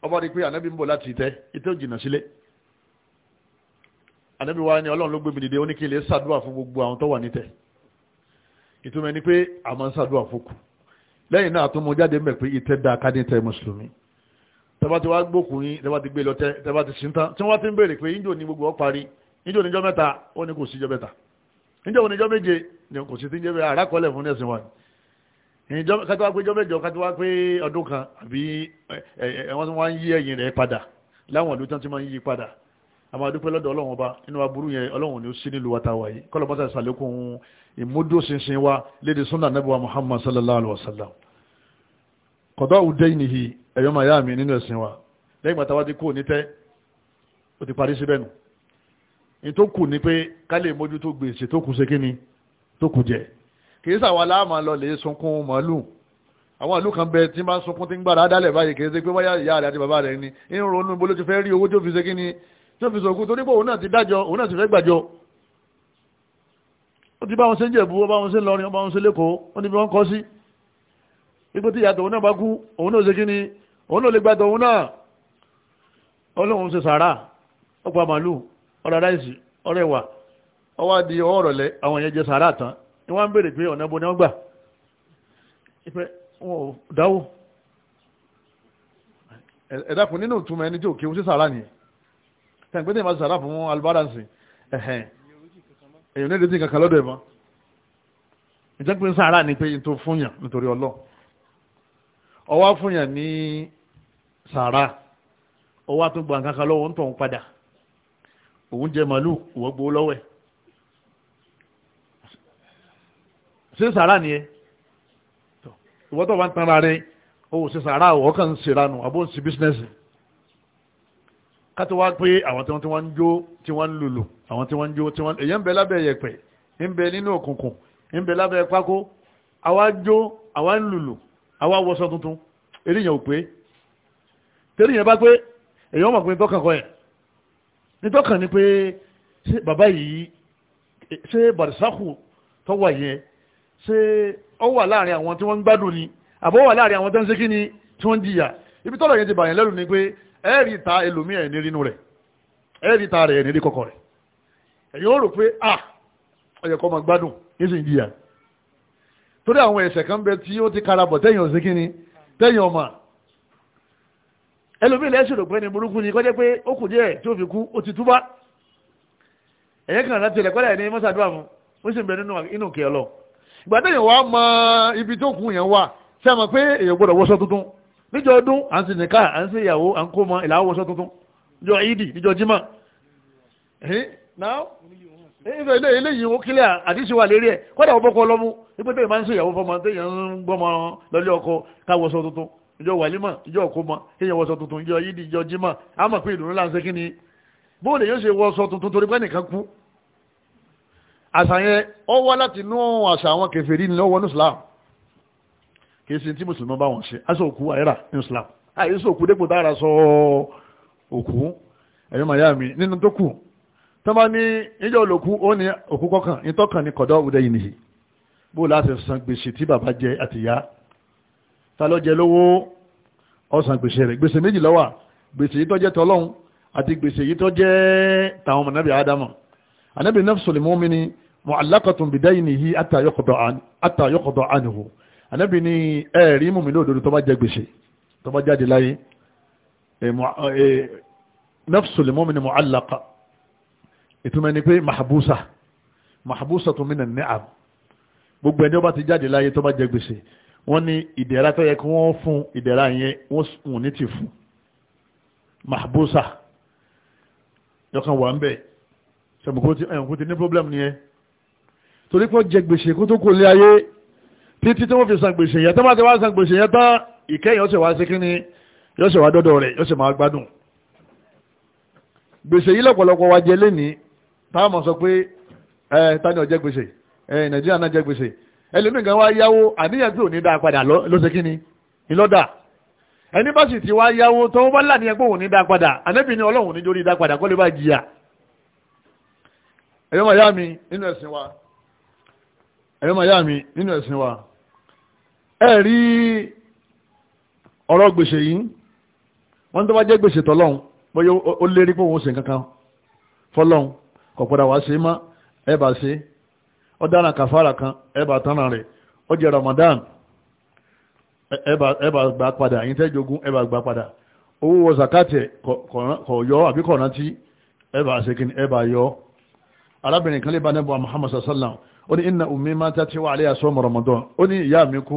ọba rí pé ànábì ń bọ̀ láti ìtẹ́ ìtẹ́ òjìnà sílé ànábì wa ni ọlọ́run ló gbé mi dìde ó ní kí ilé ṣàdúrà fún gbogbo àwọn tó wà nítẹ́ ìtumọ̀ ni pé àmọ́ ń ṣàdúrà fókù lẹ́yìn náà tó mú jáde mẹ́ pé ìtẹ́ da kádé tẹ mùsùlùmí tẹ́bá ti wá gbókùnrin tẹ́bá ti gbé lọ tẹ́ tẹ́bá tí wọ́n ti ń béèrè pé ìjọ ni gbogbo ọ parí ìjọ níjọ́ mẹ́ta ó ní kò síjọ́ mẹ́ta ìjọ oníjọ́ méje ni kò sí ti ń jẹ́ bẹ́ẹ̀ àràkọọ́lẹ̀ fún ẹ̀sìn wa ìjọ kátó wá pé ìjọ mẹ́jọ kátó wá pé ọdún kan àbí wọ́n ti wá ń yí ẹ̀yìn rẹ̀ padà láwọn ìlú tán ti máa ń yí padà a máa dúpẹ́ lọ́dọ̀ ọlọ́run ọba nínú aburú yẹn ọlọ́run ni ó sí nílùú wata wáyé kọ́lọ́mọ́sá ìsàlékún ìmúdóṣinṣin wa léde sunna nabi wa muhammad sallallahu alaihi wa sallam kọ̀dọ̀ òde nìyí ẹ̀yọ́ máa yá mi nínú ẹ̀sìn wa lẹ́yìn gbàtà wá ti kú ní tẹ́ ó ti parí síbẹ̀ nù ní tó kù ni pé ká lè mójú tó gbèsè tó kù ṣe kí ni tó kù jẹ kì í sàwọn àwọn ìlú kan bẹ tí máa ń sunkún tí ń gbàdá dálẹ̀ báyìí kì í ṣe pé wáyà ìyá rẹ̀ àti bàbá rẹ̀ ni ń ronú bó ló ti fẹ́ rí owó tó fi ṣe kí ni tí ó fi sọ̀kú torí pé òun náà ti dájọ́ òun náà ti fẹ́ gbàjọ́ ó ti bá wọn ṣe ń jẹ̀bú ó bá wọn ṣe ń lọrin ó bá wọn ṣe lẹ́kọ̀ọ́ ó níbi wọn kọ́ sí ipò tí ìyàtọ̀ òun náà bá kú òun náà ṣe kí ni òun náà lè gbàtọ̀ òun náà ọlọ́run ṣe sàárà di ọwọ́ ọ̀rọ̀lẹ́ àwọn yẹn jẹ sàárà tán ni wọ́n ń béèrè pé ọ̀nà ibo ni wọ́n gbà ìfẹ́ wọn ò dáwó ẹ̀dàkùn nínú ìtumọ̀ ẹni tí ò kéwu sí sàárà nìyẹn tẹ̀gbẹ́ tẹ̀gbẹ́ sàrà fún albaransi ẹ̀hẹ̀n èyàn nílùú tí kankan lọ́dọ̀ ẹ̀ mọ́ ìjẹ́ ni pé n tó fúnyàn nítorí ọlọ́ ọwá fúnyàn ní sàrà ọwá tó gba nǹkan kan lọ́wọ́ ń tọ̀hún padà òun jẹ màálù òwò gbowó lọ́wọ́ ẹ̀ ṣé sàrà ni ẹ ìwọ́tọ̀ bá ń tanra rẹ o ṣe sàrà ọ̀ọ́ kan ń ṣèrànù àbó ń ṣe bísínẹ́sì kátó wá pé àwọn tí wọ́n ti wọ́n ń jó tí wọ́n ń lùlù àwọn tí wọ́n ń jó tí wọ́n èyí ń bẹ lábẹ́ yẹ̀pẹ̀ ń bẹ nínú òkùnkùn ń bẹ lábẹ́ pákó àwa jó àwa ń lùlù àwa wọṣọ tuntun eléyàn ò pé torí yẹn bá pé èyàn mọ̀ pé tọ́kàn kọ́ ẹ̀ nítọ́kàn ni pé ṣé bàbá yìí ṣé bàrìsákù tó wà yẹn ṣé ó wà láàrin àwọn tí wọ́n ń gbádùn ni àbọ̀ wà láàrin àwọn tó ń ṣe kí ni tí wọ́n ń jìyà ibi tọ́lọ̀ yẹn ti bàyàn lẹ́rù ni pé ẹ̀rí ta ẹlòmí ẹ̀ ní rínú rẹ̀ ẹ̀rí ta rẹ̀ ní rí kọ̀kọ̀ rẹ̀ ẹ̀yìn ó rò pé à ọ̀yẹ̀ kọ́ máa gbádùn yíṣu ń jìyà torí àwọn ẹ̀ṣẹ̀ kan bẹ tí ó ti karabọ̀ tẹ́yìn ọ̀sẹ̀ kínní tẹ́yìn ọmọ ẹlòmí lẹ́sìn rò pé ní burúkú ni kọ́jẹ́ pé ó kù díẹ̀ tí ó fi kú ó ti túbá ẹ̀yẹ́ kan láti ilẹ̀ kọ́lẹ̀ ní mọ́sàdúrà mu ó sì ń bẹ nínú kẹ́ ọlọ́ ìgbà tẹ́yìn wa mọ ibi tó kù yẹn wà sẹ́mọ̀ níjọ ọdún à ń sin nìka à ń sin ìyàwó à ń kó mọ ìlàwọ̀sọ tuntun níjọ ìdì níjọ jimá ìfẹ́ ilé eléyìí wọ́n kílẹ̀ àdíṣe wà lérí ẹ̀ kọ́dà wọ́n bọ́kọ́ lọ́mú ipé tẹ́yìn máa ń ṣe ìyàwó fọmọ tẹ́yìn ń gbọ́mọ lọ́lé ọkọ káwọ́sọ tuntun ìjọ ni bóòlù yóò ṣe wọ́sọ tuntun torí pé nìkan kú àṣà yẹn ó wá láti kìí ṣe tí mùsùlùmí bá wọn ṣe aṣọ òkú àìrà ní islam àìsí òkú dépò dára sọ òkú ẹ̀yọ́ màyá mi nínú tó kù tó bá ní níjọ́ olókú ó ní òkú kọkàn ìtọ́kàn ní kọ̀dọ̀ òde yìí nìyí bó láti san gbèsè tí bàbá jẹ àtìyá ta ló jẹ lówó ó san gbèsè rẹ̀ gbèsè méjì ló wà gbèsè yìí tó jẹ́ tọlọ́hun àti gbèsè yìí tó jẹ́ tàwọn mọ̀nàbí ádámù ànábì nafsul mu'mini mu'allaqatun bidaynihi hatta yuqda anhu ànábì ní ẹ̀rí mùmí lóòdòdó tó bá jẹ gbèsè tó bá jáde láyé nafsul mu'min mu'allaqa ìtumẹ̀ ni pé mahabusa mahabusa tó mìnà ní àb gbogbo ẹni ó bá ti jáde láyé tó bá jẹ gbèsè wọ́n ní ìdẹ̀ra tó yẹ kí wọ́n fún ìdẹ̀ra yẹn wọ́n sùn ní ti fún mahabusa yọkan wà ń bẹ̀ sẹ̀mùkú ti ní problem ni ẹ torí pé ó jẹ gbèsè kó kò lé ayé títí tí wọ́n fi san gbèsè yẹn tán bá ti wá san gbèsè yẹn tán ìkẹyìn ọ̀sẹ̀ wá sí kínní yọ̀sẹ̀ wá dọ́dọ̀ rẹ̀ yọ̀sẹ̀ máa gbádùn gbèsè yìí lọ́pọ̀lọpọ̀ wa jẹ lẹ́nìí táwọn mọ̀ sọ pé ẹ tani ó jẹ gbèsè ẹ nàìjíríà náà jẹ gbèsè ẹlòmíì kan wá yáwó àníyàn tí ò ní dáa padà lọ́sẹ̀ kínní ìlọ́dà ẹni bá sì ti wá yáwó tó wọ́n láníyàn pé òun ní dáa padà ànábì ni ọlọ́run ní jórí dáa padà kọ́ lè bá jìyà ẹ̀yọ́ màyá mi nínú ẹ̀sìn wa ẹ̀yọ́ màyá mi nínú ẹ̀sìn wa ẹ rí ọ̀rọ̀ gbèsè yìí wọ́n tó bá jẹ́ gbèsè tọ́lọ́hún bóyá ó lérí pé òun ṣe kankan fọ́lọ́hún kò padà wá sí kan ẹ bá rị rẹ̀ ó Ramadan ẹ bá gbà padà yín tẹ́jogún ẹ bá gbà padà owó wọ zakati kọ̀ yọ àbí kọ̀ rántí ẹ bá ṣe yọ arábìnrin kan lè ó ní wà Ramadan ó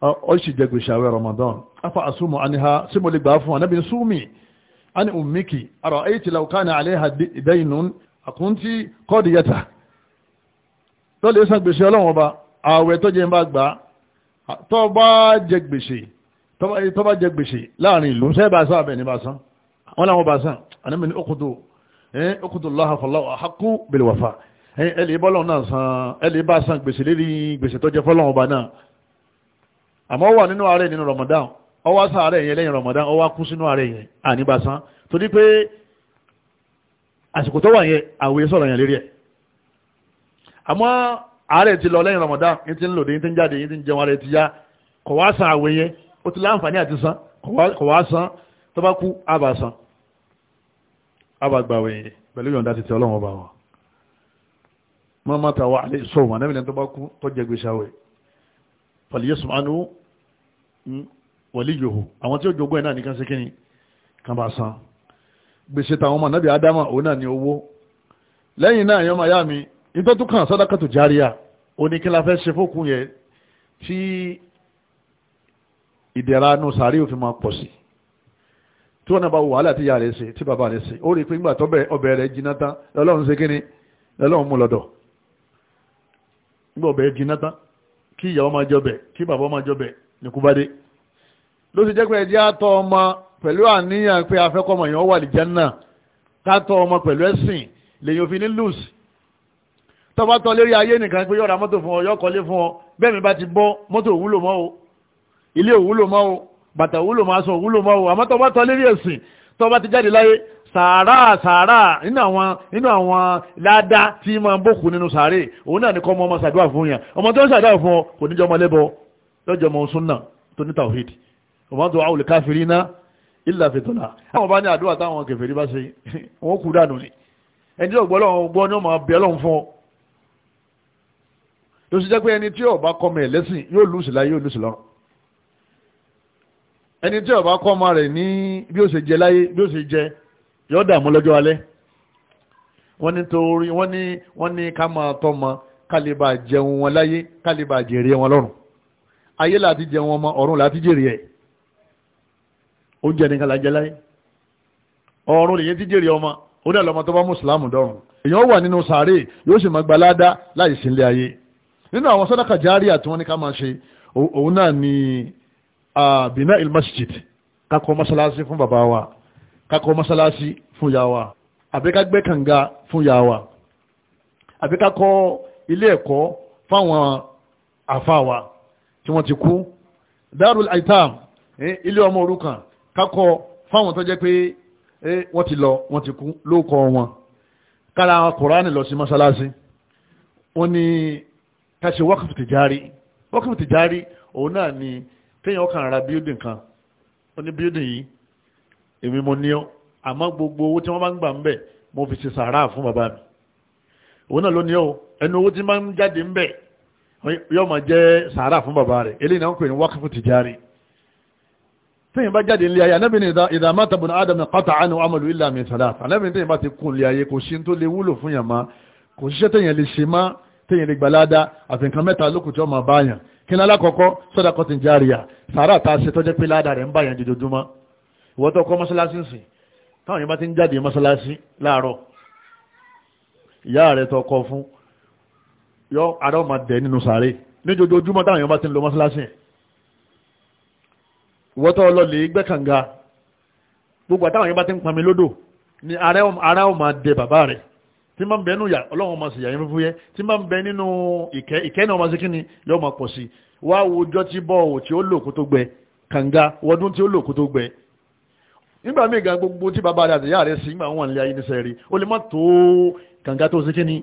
ó sì jẹ gbèsè àwẹ̀ Ramadan afa asumu aniha sí mo lè gbà fún anábì súnmi ani ummiki ara ayi ti laukana aleha dainun akunti kọdiyata tó lè san gbèsè ọlọ́wọ́n ba àwẹ̀ tó jẹ́ bá gbà tó bá jẹ gbèsè tó bá jẹ gbèsè láàrin ìlú sẹ́ bá sáà bẹ̀ ní bá san wọ́n láwọn bá san anábì ní okudu okudu lọ́ha fọlọ́wọ́ àmọ́ wà nínú ààrẹ nínú Ramadan ó wá ṣàárẹ̀ yẹn lẹ́yìn Ramadan ó wá kú sínú ààrẹ yẹn àníbàsán torí pé àsìkò tó wà yẹn àwòye sọ̀rọ̀ yẹn lérí ẹ̀ àmọ́ ààrẹ ti lọ lẹ́yìn Ramadan yín ti ń lòdì yín ti ń jáde yín ti ń jẹun ààrẹ ti yá kò wá san àwẹ̀ yẹn ó ti láǹfààní àti san kò wá san tó bá kú àbà san àbà gbà wẹ̀ pẹ̀lú yọ̀ǹda ti tẹ ọlọ́run ọba wọn mọ́mọ́ta wa àlẹ́ ìṣòwò ànẹ́mìnira tó bá kú tó jẹ gbèsè àwẹ̀ wọ̀lí yòhò àwọn tí ó jogún ẹ̀ náà nìkan ṣe kíni kan bá san gbèsè tàwọn ọmọ nábì ádámà òun náà ní owó lẹ́yìn náà yọmọ ayá mi nítorí tó kàn sàdákàtù járíà oníkílá fẹ́ ṣe fókun yẹ tí ìdẹ̀ra nù sàárì òfin máa pọ̀ sí tí wọ́n náà bá wàhálà tí ìyá rẹ̀ ṣe tí bàbá rẹ̀ ṣe ó rí i pé nígbà tó ọbẹ̀ rẹ̀ jiná tán lọ́lọ́run ṣe kíni lọ́lọ́run mú lọ́dọ̀ nígbà ọbẹ̀ jiná tán kí ìyàwó máa jọbẹ̀ kí bàbá máa jọbẹ̀ nìkúbádé ló ti jẹ́ pé ẹjẹ́ àtọ́ ọmọ pẹ̀lú àníyàn pé afẹ́kọ́mọ yẹn wà lìjánà kátọ́ ọmọ pẹ̀lú ẹ̀sìn lèyìn òfin ní lùs tọ́ba tọ́ lérí ayé nìkan pé yọ̀ọ̀ra mọ́tò fún ọ yọ̀ kọ́lé fún ọ bẹ́ẹ̀ mi bá ti bọ́ mọ́tò òwúlò mọ́ o ilé òwúlò mọ́ o bàtà òwúlò mọ́ aṣọ òwúlò mọ́ o àmọ́ tọ́ba tọ́ lérí ẹ̀sìn tọ́ba ti jáde láyé sàárà sàárà nínú àwọn nínú àwọn ládá tí máa bókun nínú sàárè òun náà ní kọ́ ọmọ ọmọ ṣàdúrà fún yàn ọmọ tó ń ṣàdúrà fún ọ kò ní jọ ọmọ lẹ́bọ̀ọ́ lọ́jọ́ mọ̀ súnà tó ní tàwíìdì ọmọ tó àwọn olùkáfìrí náà ilà fìtọ́lá àwọn bá ní àdúrà táwọn kèfèrí bá ṣe wọ́n kú dànù ni ẹni tí ó gbọ́lọ́wọ́ gbọ́ ní ọmọ abẹ́ lọ́n fún ọ tó sì jẹ́ pé ẹni tí ó bá kọ́ mẹ́ lẹ́sìn yóò lù sí láyé yóò lù lọ́rùn ẹni tí ó kọ́ ọmọ rẹ̀ ní bí ó ṣe jẹ láyé bí ó ṣe jẹ yóò dààmú lọ́jọ́ alẹ́ wọ́n ní torí wọ́n ní wọ́n ní ká máa tọ́ ọmọ kálíbà jẹun wọn láyé kálíbà jèrè wọn lọ́rùn ayé láti jẹ wọn ọmọ ọ̀run láti jèrè ẹ̀ oúnjẹ nìkan la jẹ láyé ọ̀run lèyẹn ti jèrè ọmọ ó dà lọ́mọ tó bá mùsùlámù dọ̀run èèyàn wà nínú sàárè yóò sì máa gbalada láì sí ilé ayé nínú àwọn sàdákà járíà tí wọ́n ní ká máa ṣe òun náà ni bina ilmasjid kakọ masalasi fún bàbá wa kakọ masalasi fún ìyá wa àbí ká gbẹ́ kànga fún ìyá wa àbí ilé ẹ̀kọ́ fáwọn àfa wa tí wọ́n ti kú darul aitam ilé ọmọ òrukàn kakọ fáwọn tó jẹ́ pé wọ́n ti lọ wọ́n ti kú lóòkọ wọn kára kòránì lọ sí mọ́sálásí wọ́n ní káṣe wákàtí tìjárí wákàtí tìjárí òun náà ni kéèyàn kàn ra bíódìn kan ó ní bíódìn yìí èmi mo ní ọ àmọ́ gbogbo owó tí wọ́n bá ń gbà ń bẹ̀ mo fi ṣe sàárà fún bàbá mi òun náà ló ọ ẹnu owó tí máa ń jáde ń bẹ̀ yóò máa jẹ́ sàárà fún bàbá rẹ̀ eléyìí náà ń pè ní wákàfù tìjárì tíyìn bá jáde ilé ayé anábì ní ìdààmú àtàbùnà ádámù kọ́tà àánú amalu ilà mi sàlá anábì tíyìn bá ti kún ilé ayé kò sí tó lè wúlò fún yàmá kò síṣẹ́ tíyìn lè ṣe má tíyìn lè gbalada àfihàn mẹ́ta lókùn tí wọ́n máa báyàn kí ní alákọ̀ọ́kọ́ sọ́dà kọ́tì járíà sàárà tá a ṣe tọ́jẹ́ pé ládàá rẹ̀ ń báyàn jòjòjúmọ́ ìwọ́tọ̀ kọ́ mọ́ṣáláṣí ń sìn táwọn yẹn bá ti ń jáde mọ́ṣáláṣí láàárọ̀ ìyá rẹ̀ tọkọ fún yọ ara ọmọ dẹ̀ nínú sàárè ní jojoojúmọ́ táwọn èèyàn bá ti ń lo mọ́sálásì ìwọ́tọ́ ọlọ́lẹ̀ gbẹ́kànga gbogbo àtàwọn èèyàn bá ti ń pami lódò ni ara ọmọ dẹ̀ bàbá rẹ̀ tí máa ń bẹ nínú yà ọlọ́run ọmọ sì yà yín fúfú yẹ tí máa ń bẹ nínú ìkẹ́ ìkẹ́ náà ọmọ sí kíni yọ ọmọ pọ̀ sí wá wojọ́ tí bọ́ọ̀ tí ó lò kó tó gbẹ kànga wọdún tí ó lò kó tó gbẹ nígbà míì gan gbogbo tí bàbá rẹ̀ àtìyá rẹ̀ sí nígbà wọn lé ayé níṣẹ́ rí ó lè má tó kànga tó sí kíni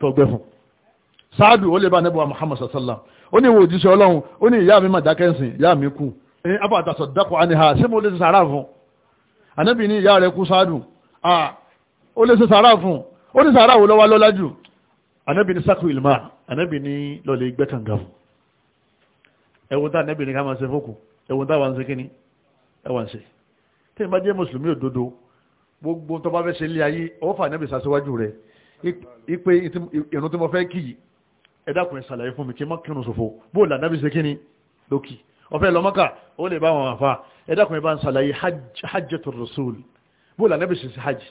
tó fún sáàdù ó lè bá nẹ́bọ̀ Muhammad sallam ó ní ìwò òjíṣẹ́ ọlọ́run ó ní ìyá mi mà dákẹ́sìn ìyá mi kú ní abàtàsọ̀ dákọ̀ àníhà sí mo lè ṣe sàárà fún anábì ní ìyá rẹ̀ kú sáàdù ó lè ṣe sàárà fún ó ní sàárà wò lọ́wọ́ lọ́lá jù anábì ní sákù ìlmà anábì ní lọ́lẹ̀ ìgbẹ́ kànga fún ẹwọ́n tá anábì ní ká ṣe fókù ẹwọ́n tá wà ṣe kíní ẹwọ́n ṣe tí ìbá jẹ́ mùsùlùmí òdodo gbogbo tó bá fẹ́ ṣe ilé ayé ó anábì sàṣíwájú rẹ̀ ipe ìrún tí mo fẹ́ kì ẹ̀dàkùn ìsàlàyé fún mi kí má kírun ṣòfò bóò là nábì ṣe kí ni lókì ọ̀fẹ́ lọ́mọ́kà ó lè bá wọn àfa ẹ̀dàkùn ìbá ń ṣàlàyé hajjatul rasul bóò là nábì ṣe ṣe hajj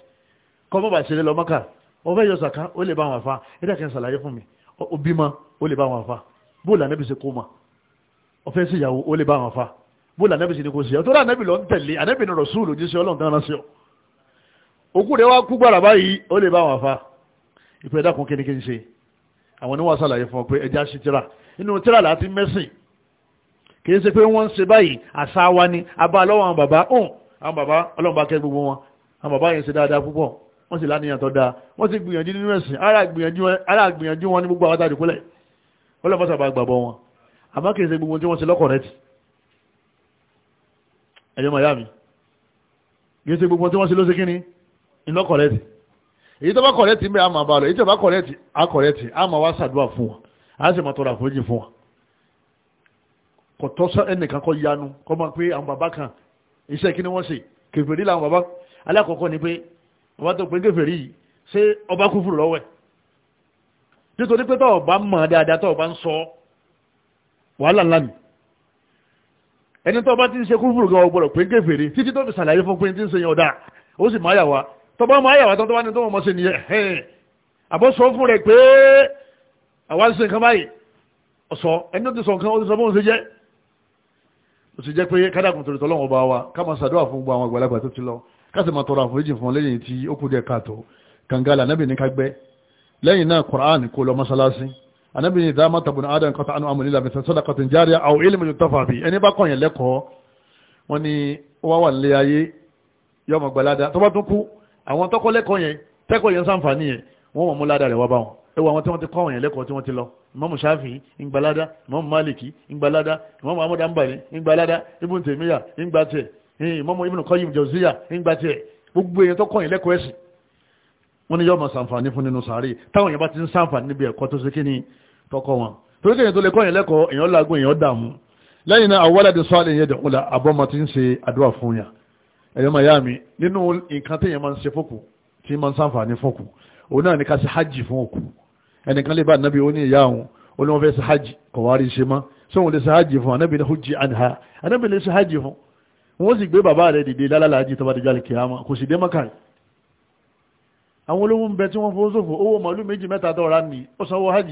kọ́ mọ́bà ṣe lé lọ́mọ́kà ọ̀fẹ́ yọ sàká ó lè bá wọn àfa ẹ̀dàkùn ìsàlàyé fún mi obìmọ̀ ó lè bá wọn àfa bóò là nábì ṣe kó ma ọ̀fẹ́ sí ìyàwó ó lè bá wọn àfa bóò là nábì ṣe ni kò sí ọ̀tọ́ lọ ń tẹ̀lé àwọn oníwà sàlàyé fún ọ pé ẹja sí tíra inú tíra láti mẹ́sìn kìí ṣe pé wọ́n ń ṣe báyìí àṣà wa ni abá lọ́wọ́ àwọn bàbá òun àwọn bàbá ọlọ́run bá kẹ́ gbogbo wọn àwọn bàbá yẹn ṣe dáadáa púpọ̀ wọ́n sì láníyàn tó dáa wọ́n sì gbìyànjú nínú ẹ̀sìn ara gbìyànjú wọn ní gbogbo àwọn tàbí kúlẹ̀ ọlọ́run sábà gbàgbọ́ wọn àmọ́ kìí ṣe gbogbo tí wọ́n ṣe lọ́kọ̀ rẹ̀ tì ẹ̀yọ́ màyá mi kìí ṣe gbogbo tí wọ́n ṣe ló ṣe kíni ìlọ́kọ̀ rẹ̀ tì èyí tó bá kọ̀rẹ́tì ń bẹ àmà bá lọ èyí tó bá kọ̀rẹ́tì á kọ̀rẹ́tì àmà wá ṣàdúrà fún wọn á sì máa tọrọ àforíjì fún wọn. kò tọ́ sọ ẹnìkan kọ́ yanu kọ́ máa pé àwọn bàbá kan iṣẹ́ kí ni wọ́n ṣe kèfèrí làwọn bàbá alákọ̀ọ́kọ́ ni pé bàbá tó pé kèfèrí yìí ṣé ọba kú fúru lọ́wọ́ ẹ̀ nítorí pé tọ́ọ̀ mọ̀ dáadáa tọ́ọ̀ ń sọ wàhálà ńlá ni ẹni tọ́ọ̀ bá ti ń ṣe kú fúru gan ọgbọ́dọ̀ pé kèfèrí títí tó fi ṣàlàyé fún pé ti ń ṣe yẹn ọ̀dà ó sì máa yà wá tọba ma yàwà tó wá ní tó wọ́n mọ́ sí ni ẹ̀hẹ́n àbọ́ sọ fún rẹ̀ pé àwa ń ṣe nǹkan báyìí ọ̀sọ̀ ẹni tó ti sọ nǹkan ó ti sọ bóun ṣe jẹ́ ó sì jẹ́ pé kádàkùn torí tọ́lọ́wọ́ bá wa ká máa ṣàdúrà fún gbogbo àwọn àgbàlagbà tó ti lọ ká sì máa tọrọ àforíjì fún lẹ́yìn tí ó kù díẹ̀ káàtó kànga lànàbì ní kágbẹ́ lẹ́yìn náà Qur'an kò lọ mọ́sálásí ànàbì ní ìdá mọ́tàbùn adam kọta anu amòlélà mi sọ́dà kọtìn járe àwọn ilé mẹ́jọ tọ́fà bí ẹni bá kọ̀yàn lẹ́kọ̀ọ́ wọn ni ó wá wà nílé ayé yọmọ gbalada tó bá tún kú àwọn tọ́kọ́ lẹ́kọ̀ọ́ yẹn tẹ́kọ̀ọ́ yẹn sàǹfààní yẹn wọ́n wọ́n mú ládàá rẹ̀ wá bá wọn ẹ àwọn tí wọ́n ti kọ́ àwọn lẹ́kọ̀ọ́ tí wọ́n ti lọ Imam Shafi ingbalada Imam Maliki ingbalada Imam Ahmad Ambali ingbalada Ibn Taymiyyah eh, ingbatẹ Imam Ibn Qayyim Jawziyya ingbatẹ gbogbo èèyàn tọ́kọ̀ yẹn lẹ́kọ̀ọ́ ẹ̀sìn wọ́n ní yọ́ ma sàǹfààní fún nínú sàárè táwọn èèyàn bá ti ń sàǹfààní níbi ẹ̀kọ́ tó ṣe kí ni tọ́kọ̀ wọn torí kéèyàn tó lè kọ́ yẹn lẹ́kọ̀ọ́ èèyàn lágùn èèyàn dààmú lẹ́yìn náà àwọn wọ́lẹ̀ dín sọ́ọ̀lì yẹn dẹ̀kúnlẹ̀ abọ́mọ ti ń ṣe àdúrà fún yàn ẹ̀yọ́ màyá mi nínú nǹkan téèyàn máa ń ṣe fókù tí máa ń sàǹfààní fókù òun náà ní ká ṣe hajj fún òkú ẹnìkan lè bá ànábì ó ní ìyá òun ó ní wọ́n fẹ́ ṣe hajj kò wá rí ṣe mọ́ sóhun lè ṣe hajj fún ànábì ní hujji anha ànábì lè ṣe hajj fún wọ́n sì gbé bàbá rẹ̀ dìde lálàájì tó bá dìjà lè kíyàmá kò sì dé mọ́kàn àwọn olówó ń bẹ tí wọ́n fowó ṣòfò owó màálù méjì mẹ́ta tó ra ó sanwó hajj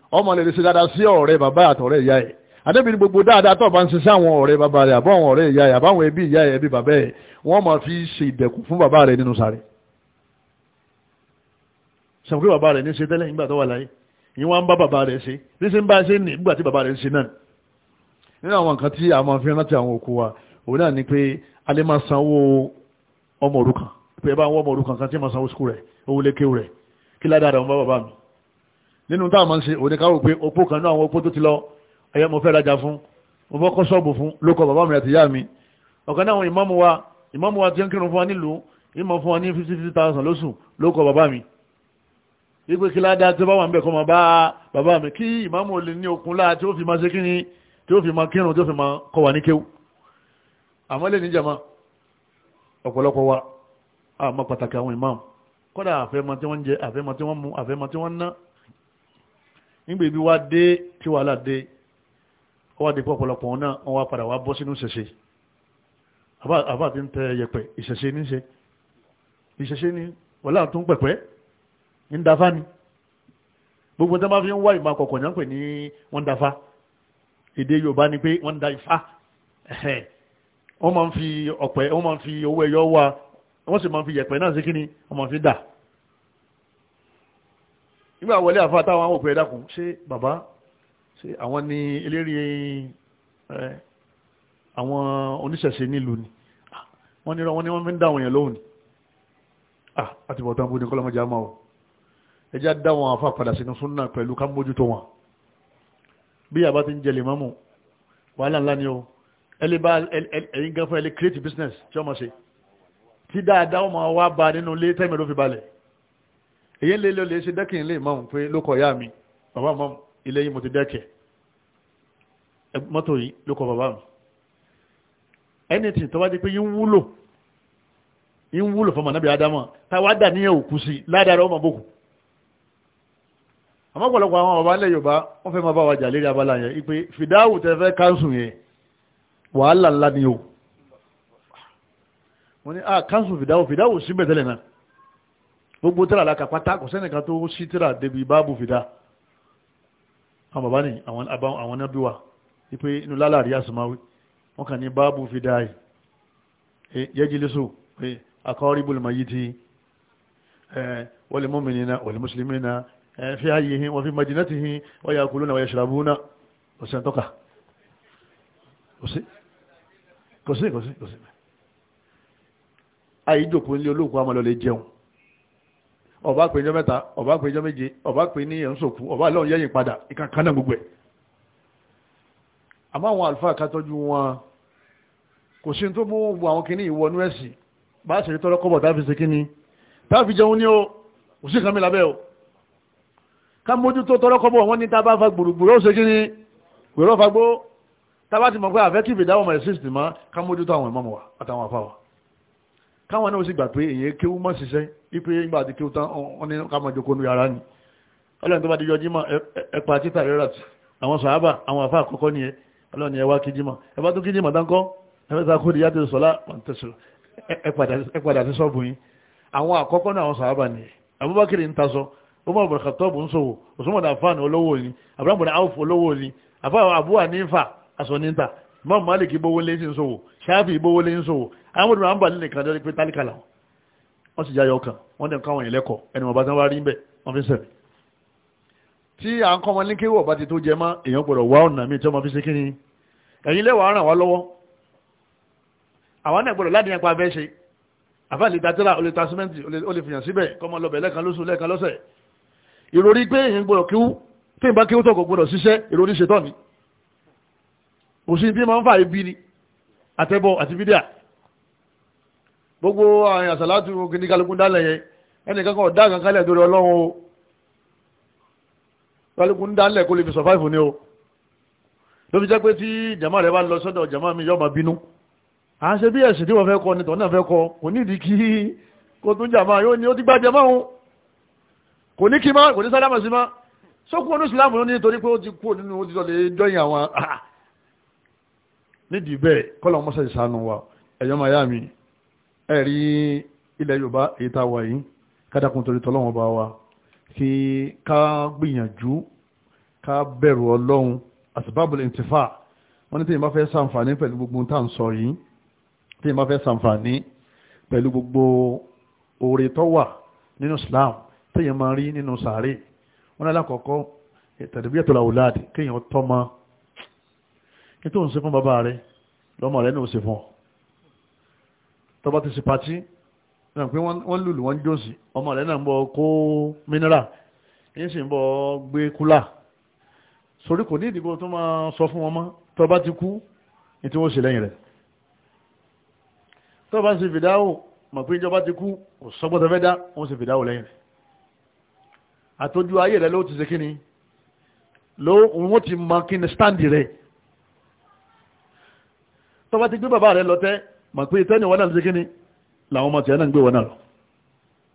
ọmọ lè ṣe dáadáa sí ọ̀rẹ́ bàbá àtọ̀rẹ́ ìyá ẹ̀ adébìnrin gbogbo dáadáa tó bá ń ṣiṣẹ́ àwọn ọ̀rẹ́ bàbá rẹ̀ àbọ̀ àwọn ọ̀rẹ́ ìyá ẹ̀ àbáwọn ẹbí ìyá ẹ̀ ẹbí bàbá ẹ̀ wọ́n máa fi ṣe ìdẹ̀kùn fún bàbá rẹ̀ nínú sáré sọ̀rọ̀ pé bàbá rẹ̀ ní ṣe tẹ́lẹ̀ nígbà tó wà láyé yìí wọ́n ń bá bàbá rẹ̀ ni pé a lè máa sanwó ọmọ òrukàn pé ẹ bá ń wọ́n ọmọ òrukàn kan tí máa sanwó sukú rẹ̀ owó kí ládàá rẹ̀ ń bàbá mi nínú táà máa ń ṣe òní káwò pé opó kan náà àwọn opó tó ti lọ ẹ̀yẹ́ mo fẹ́ rajà fún mo fọ́ kọ́ sọ́ọ̀bù fún lókọ bàbá mi àti ìyá mi ọ̀kan náà àwọn wa ìmáàmù wa ti ń kírun fún wa nílùú ìmọ̀ fún wa ní fifty fifty thousand lóṣù lókọ bàbá mi wípé kí ládá tó bá wà ń bẹ̀ kọ́ máa bá bàbá mi kí ìmáàmù olè ní okun láà tí ó fi máa ṣe kíni tí ó fi máa kírun tí ó fi máa kọ́ wa ní kéwú kọ́dà àfẹ́mọ́ tí wọ́n ń jẹ àfẹ́mọ́ tí wọ́n mú àfẹ́mọ́ tí wọ́n ń ná nígbà ibi wá dé tí wàhálà dé ó wá dé pọ̀ ọ̀pọ̀lọpọ̀ wọn náà wọ́n wá padà wá bọ́ sínú ṣẹ̀ṣẹ̀ àbá ti ń tẹ yẹ̀pẹ̀ ìṣẹ̀ṣẹ̀ ní ṣe ìṣẹ̀ṣẹ̀ ní wàhálà tó ń pẹ̀pẹ́ ń dafa ni gbogbo tí wọ́n bá fi ń wá ìmọ̀ àkọ́kọ̀ yẹn pè ní wọ́n dafa èdè Yorùbá ni pé wọ́n da ifá wọ́n máa ń fi ọ̀pẹ wọ́n máa ń fi owó ẹyọ wá wọ́n sì máa ń fi yẹ̀pẹ̀ náà sí kíni nígbà wọlé àfáà táwọn àwọn òpè dákun ṣé bàbá ṣé àwọn ni eléré ẹ àwọn oníṣẹ̀ṣe nílùú ni wọ́n ní wọ́n ní wọ́n fi ń dá àwọn èèyàn lóhùn ni àti bọ̀tán bó ní kọ́lọ́mọdé àmà o ẹjẹ́ dá àwọn àfáà padà sínú súnà pẹ̀lú ká wọn bí àbá ti ń jẹ mọ́mù wàhálà ńlá ni o ẹlẹ́ create business tí ọmọ ṣe tí dáadáa ọmọ wa bá nínú èyí lè lọ lè ṣe dẹ́kìn ilé ìmọ̀mù pé ló kọ̀ ya mi bàbá mọ́mù ilé yìí mo ti dẹ́kẹ̀ mọ́tò yìí ló kọ bàbá mi anything tó wá di pé yín wúlò yín wúlò fọmọ nábì ádámọ̀ táwa dà níyẹn òkú sí ládàrá ọmọ bòkù àmọ́ ọ̀pọ̀lọpọ̀ àwọn ọba ilẹ̀ Yorùbá wọ́n fẹ́ máa bá wa lérí abala yẹn ipe fìdáwù tẹ fẹ́ káńsù yẹn wàhálà ńlá ni o wọ́n ní ah káńsù fìdáwù fìdáwù sí bẹ̀tẹ̀lẹ̀ náà gbogbo tíra láka pátá kò sẹ́nìkan tó sí tíra débi báàbù fìdá àwọn bàbá ní àwọn náà bí wà wípé inú lálàrí àsìmáwí wọ́n kàn ní báàbù fìdá yẹ́jìlẹ́sù aqaribul mayyiti wal mu'minina wal muslimina fi hayyihi àìjòkó ilé olóòkú àmàlọ́lẹ̀ jẹun ọba péjọ mẹ́ta ọba péjọ méje ọba pé ní ẹ̀ńsòkú ọba lọ́n yẹ́yìn padà ìkankan náà gbogbo ẹ̀ àmọ́ àwọn àlùfáà kátọ́jú wọn kò sí tó mú gbogbo àwọn kìíní ìwọnú ẹ̀sìn bá a ṣe tọ́lọ́ kọ́bọ̀ táfi ṣe kíní táfi jẹun ní o kò sí kan mi lábẹ́ o ká mójútó tọ́lọ́ kọ́bọ̀ wọn ní tá a bá fa gbòrògbòrò ṣe kíní gbòrò fagbó tá a bá ti mọ̀ pé àfẹ́kìbì dáwọ̀ mọ̀ ẹ̀sìn sì mọ́ ká mójútó àwọn ìmọ̀ wa àtàwọn àfáwà káwọn náà sì gbà pé èyí kéwú mọ́ ṣiṣẹ́ wípé nígbà àti kéwú tán wọ́n ní ká máa jókòó nu yàrá ni ọlọ́run tó bá dijọ́ jímọ̀ ẹ̀pà títà rẹ̀ ràtì àwọn sàábà àwọn àfa àkọ́kọ́ ni ẹ ọlọ́run ẹ wá kí jímọ̀ ẹ bá tún kí jímọ̀ dáńkọ́ ẹ fẹ́ sàkó tó sọlá ẹ padà sọ́ọ̀bù yín àwọn àkọ́kọ́ náà àwọn sàábà ni Abubakar ń tasọ Umar bin Khattab ń sòwò Usman bin Affan olówó ni Abraham bin Auf Abu Hanifa aṣọ mọ́mù malik gbówó lé sí ìṣòwò ṣáàfì gbówó lé sí ìṣòwò àwọn ọdún àǹbà nílẹ̀ kan lórí pé tálíkàlà wọ́n sì yáyọ kan wọ́n dẹ̀ ń káwọn ìlẹ́kọ̀ọ́ ẹni mọ̀ bá tán wá rí bẹ́ẹ̀ wọ́n fi ń sẹ̀mí tí à ń kọ́ ọmọ ní kéwọ̀ bá ti tó jẹ mọ́ èèyàn gbọ́dọ̀ wá ọ̀nà míì tí wọ́n fi ṣe kí ni ẹ̀yin lẹ́wọ̀ ràn ṣe àfẹ́ ni kò sí tí ma ń fà ibi ni àtẹ́bọ̀ àti bídíà gbogbo àyìn àsàlátù kìíní kálukú dálẹ̀ yẹn ẹnì kankan ọ̀dá kankan lẹ̀ torí ọlọ́run o kálukú ń dálẹ̀ kó lè fi survive ni o ló fi jẹ́ pé tí jàmá rẹ̀ bá lọ sọ́dọ̀ jàmá mi yọ́ ma bínú à ń ṣe bí ẹ̀sìn tí wọ́n fẹ́ kọ ni tọ́ náà fẹ́ kọ kò ní ìdí kí kó tún jàmá yóò ní ó ti gbá jàmá òun kò ní kí má kò ní sálámà sí má sókùn onú ló ní torí pé ó ti kú nínú ó ti lọ lè jọyìn àwọn nídìí bẹ́ẹ̀ kọ́lọ̀ mọ́sẹ̀ ìsànù wa ẹ̀yọ́ máa yá mi ẹ̀rí ilẹ̀ yorùbá èyí tá a wà yìí kádàkùn torí tọ́lọ́wọ́n bá wa kí ká gbìyànjú ká bẹ̀rù ọlọ́run àsìbábùlẹ̀ ìtìfà wọ́n ní tẹ́yìn bá fẹ́ sàǹfààní pẹ̀lú gbogbo tá à ń sọ yìí tẹ́yìn fẹ́ sàǹfààní pẹ̀lú gbogbo oore tó wà nínú islam tẹ́yìn máa rí nínú sàárè wọ́n ní alákọ̀ọ́kọ́ tàbí ẹ̀tọ́ làwùláàdì kéèyàn tó ń ṣe fún bàbá rẹ lọ́mọ rẹ náà ṣe fún ọ tọba ti ṣe pati náà pé wọ́n lùlù wọ́n jòsì ọmọ rẹ náà ń bọ kó mineral ní sì ń bọ gbé kúlà sórí kò ní ìdìbò tó máa sọ fún wọn mọ́ tọba ti kú ní tí wọ́n ṣe lẹ́yìn rẹ̀ tọba ṣe fìdáwò mọ̀ pé ìjọba ti kú kò sọ́gbọ́tọ̀ fẹ́ dá wọ́n ṣe fìdáwò lẹ́yìn rẹ̀ àtọ́jú ayé rẹ ló ti ṣe kíni ló wọ́n ti mọ kíni stand rẹ̀ tó bá ti gbé bàbá rẹ lọ tẹ́ mọ̀ pé tẹ́ni wọn náà ló ṣe kí ni làwọn ọmọ tiẹ̀ náà ń gbé wọn náà lọ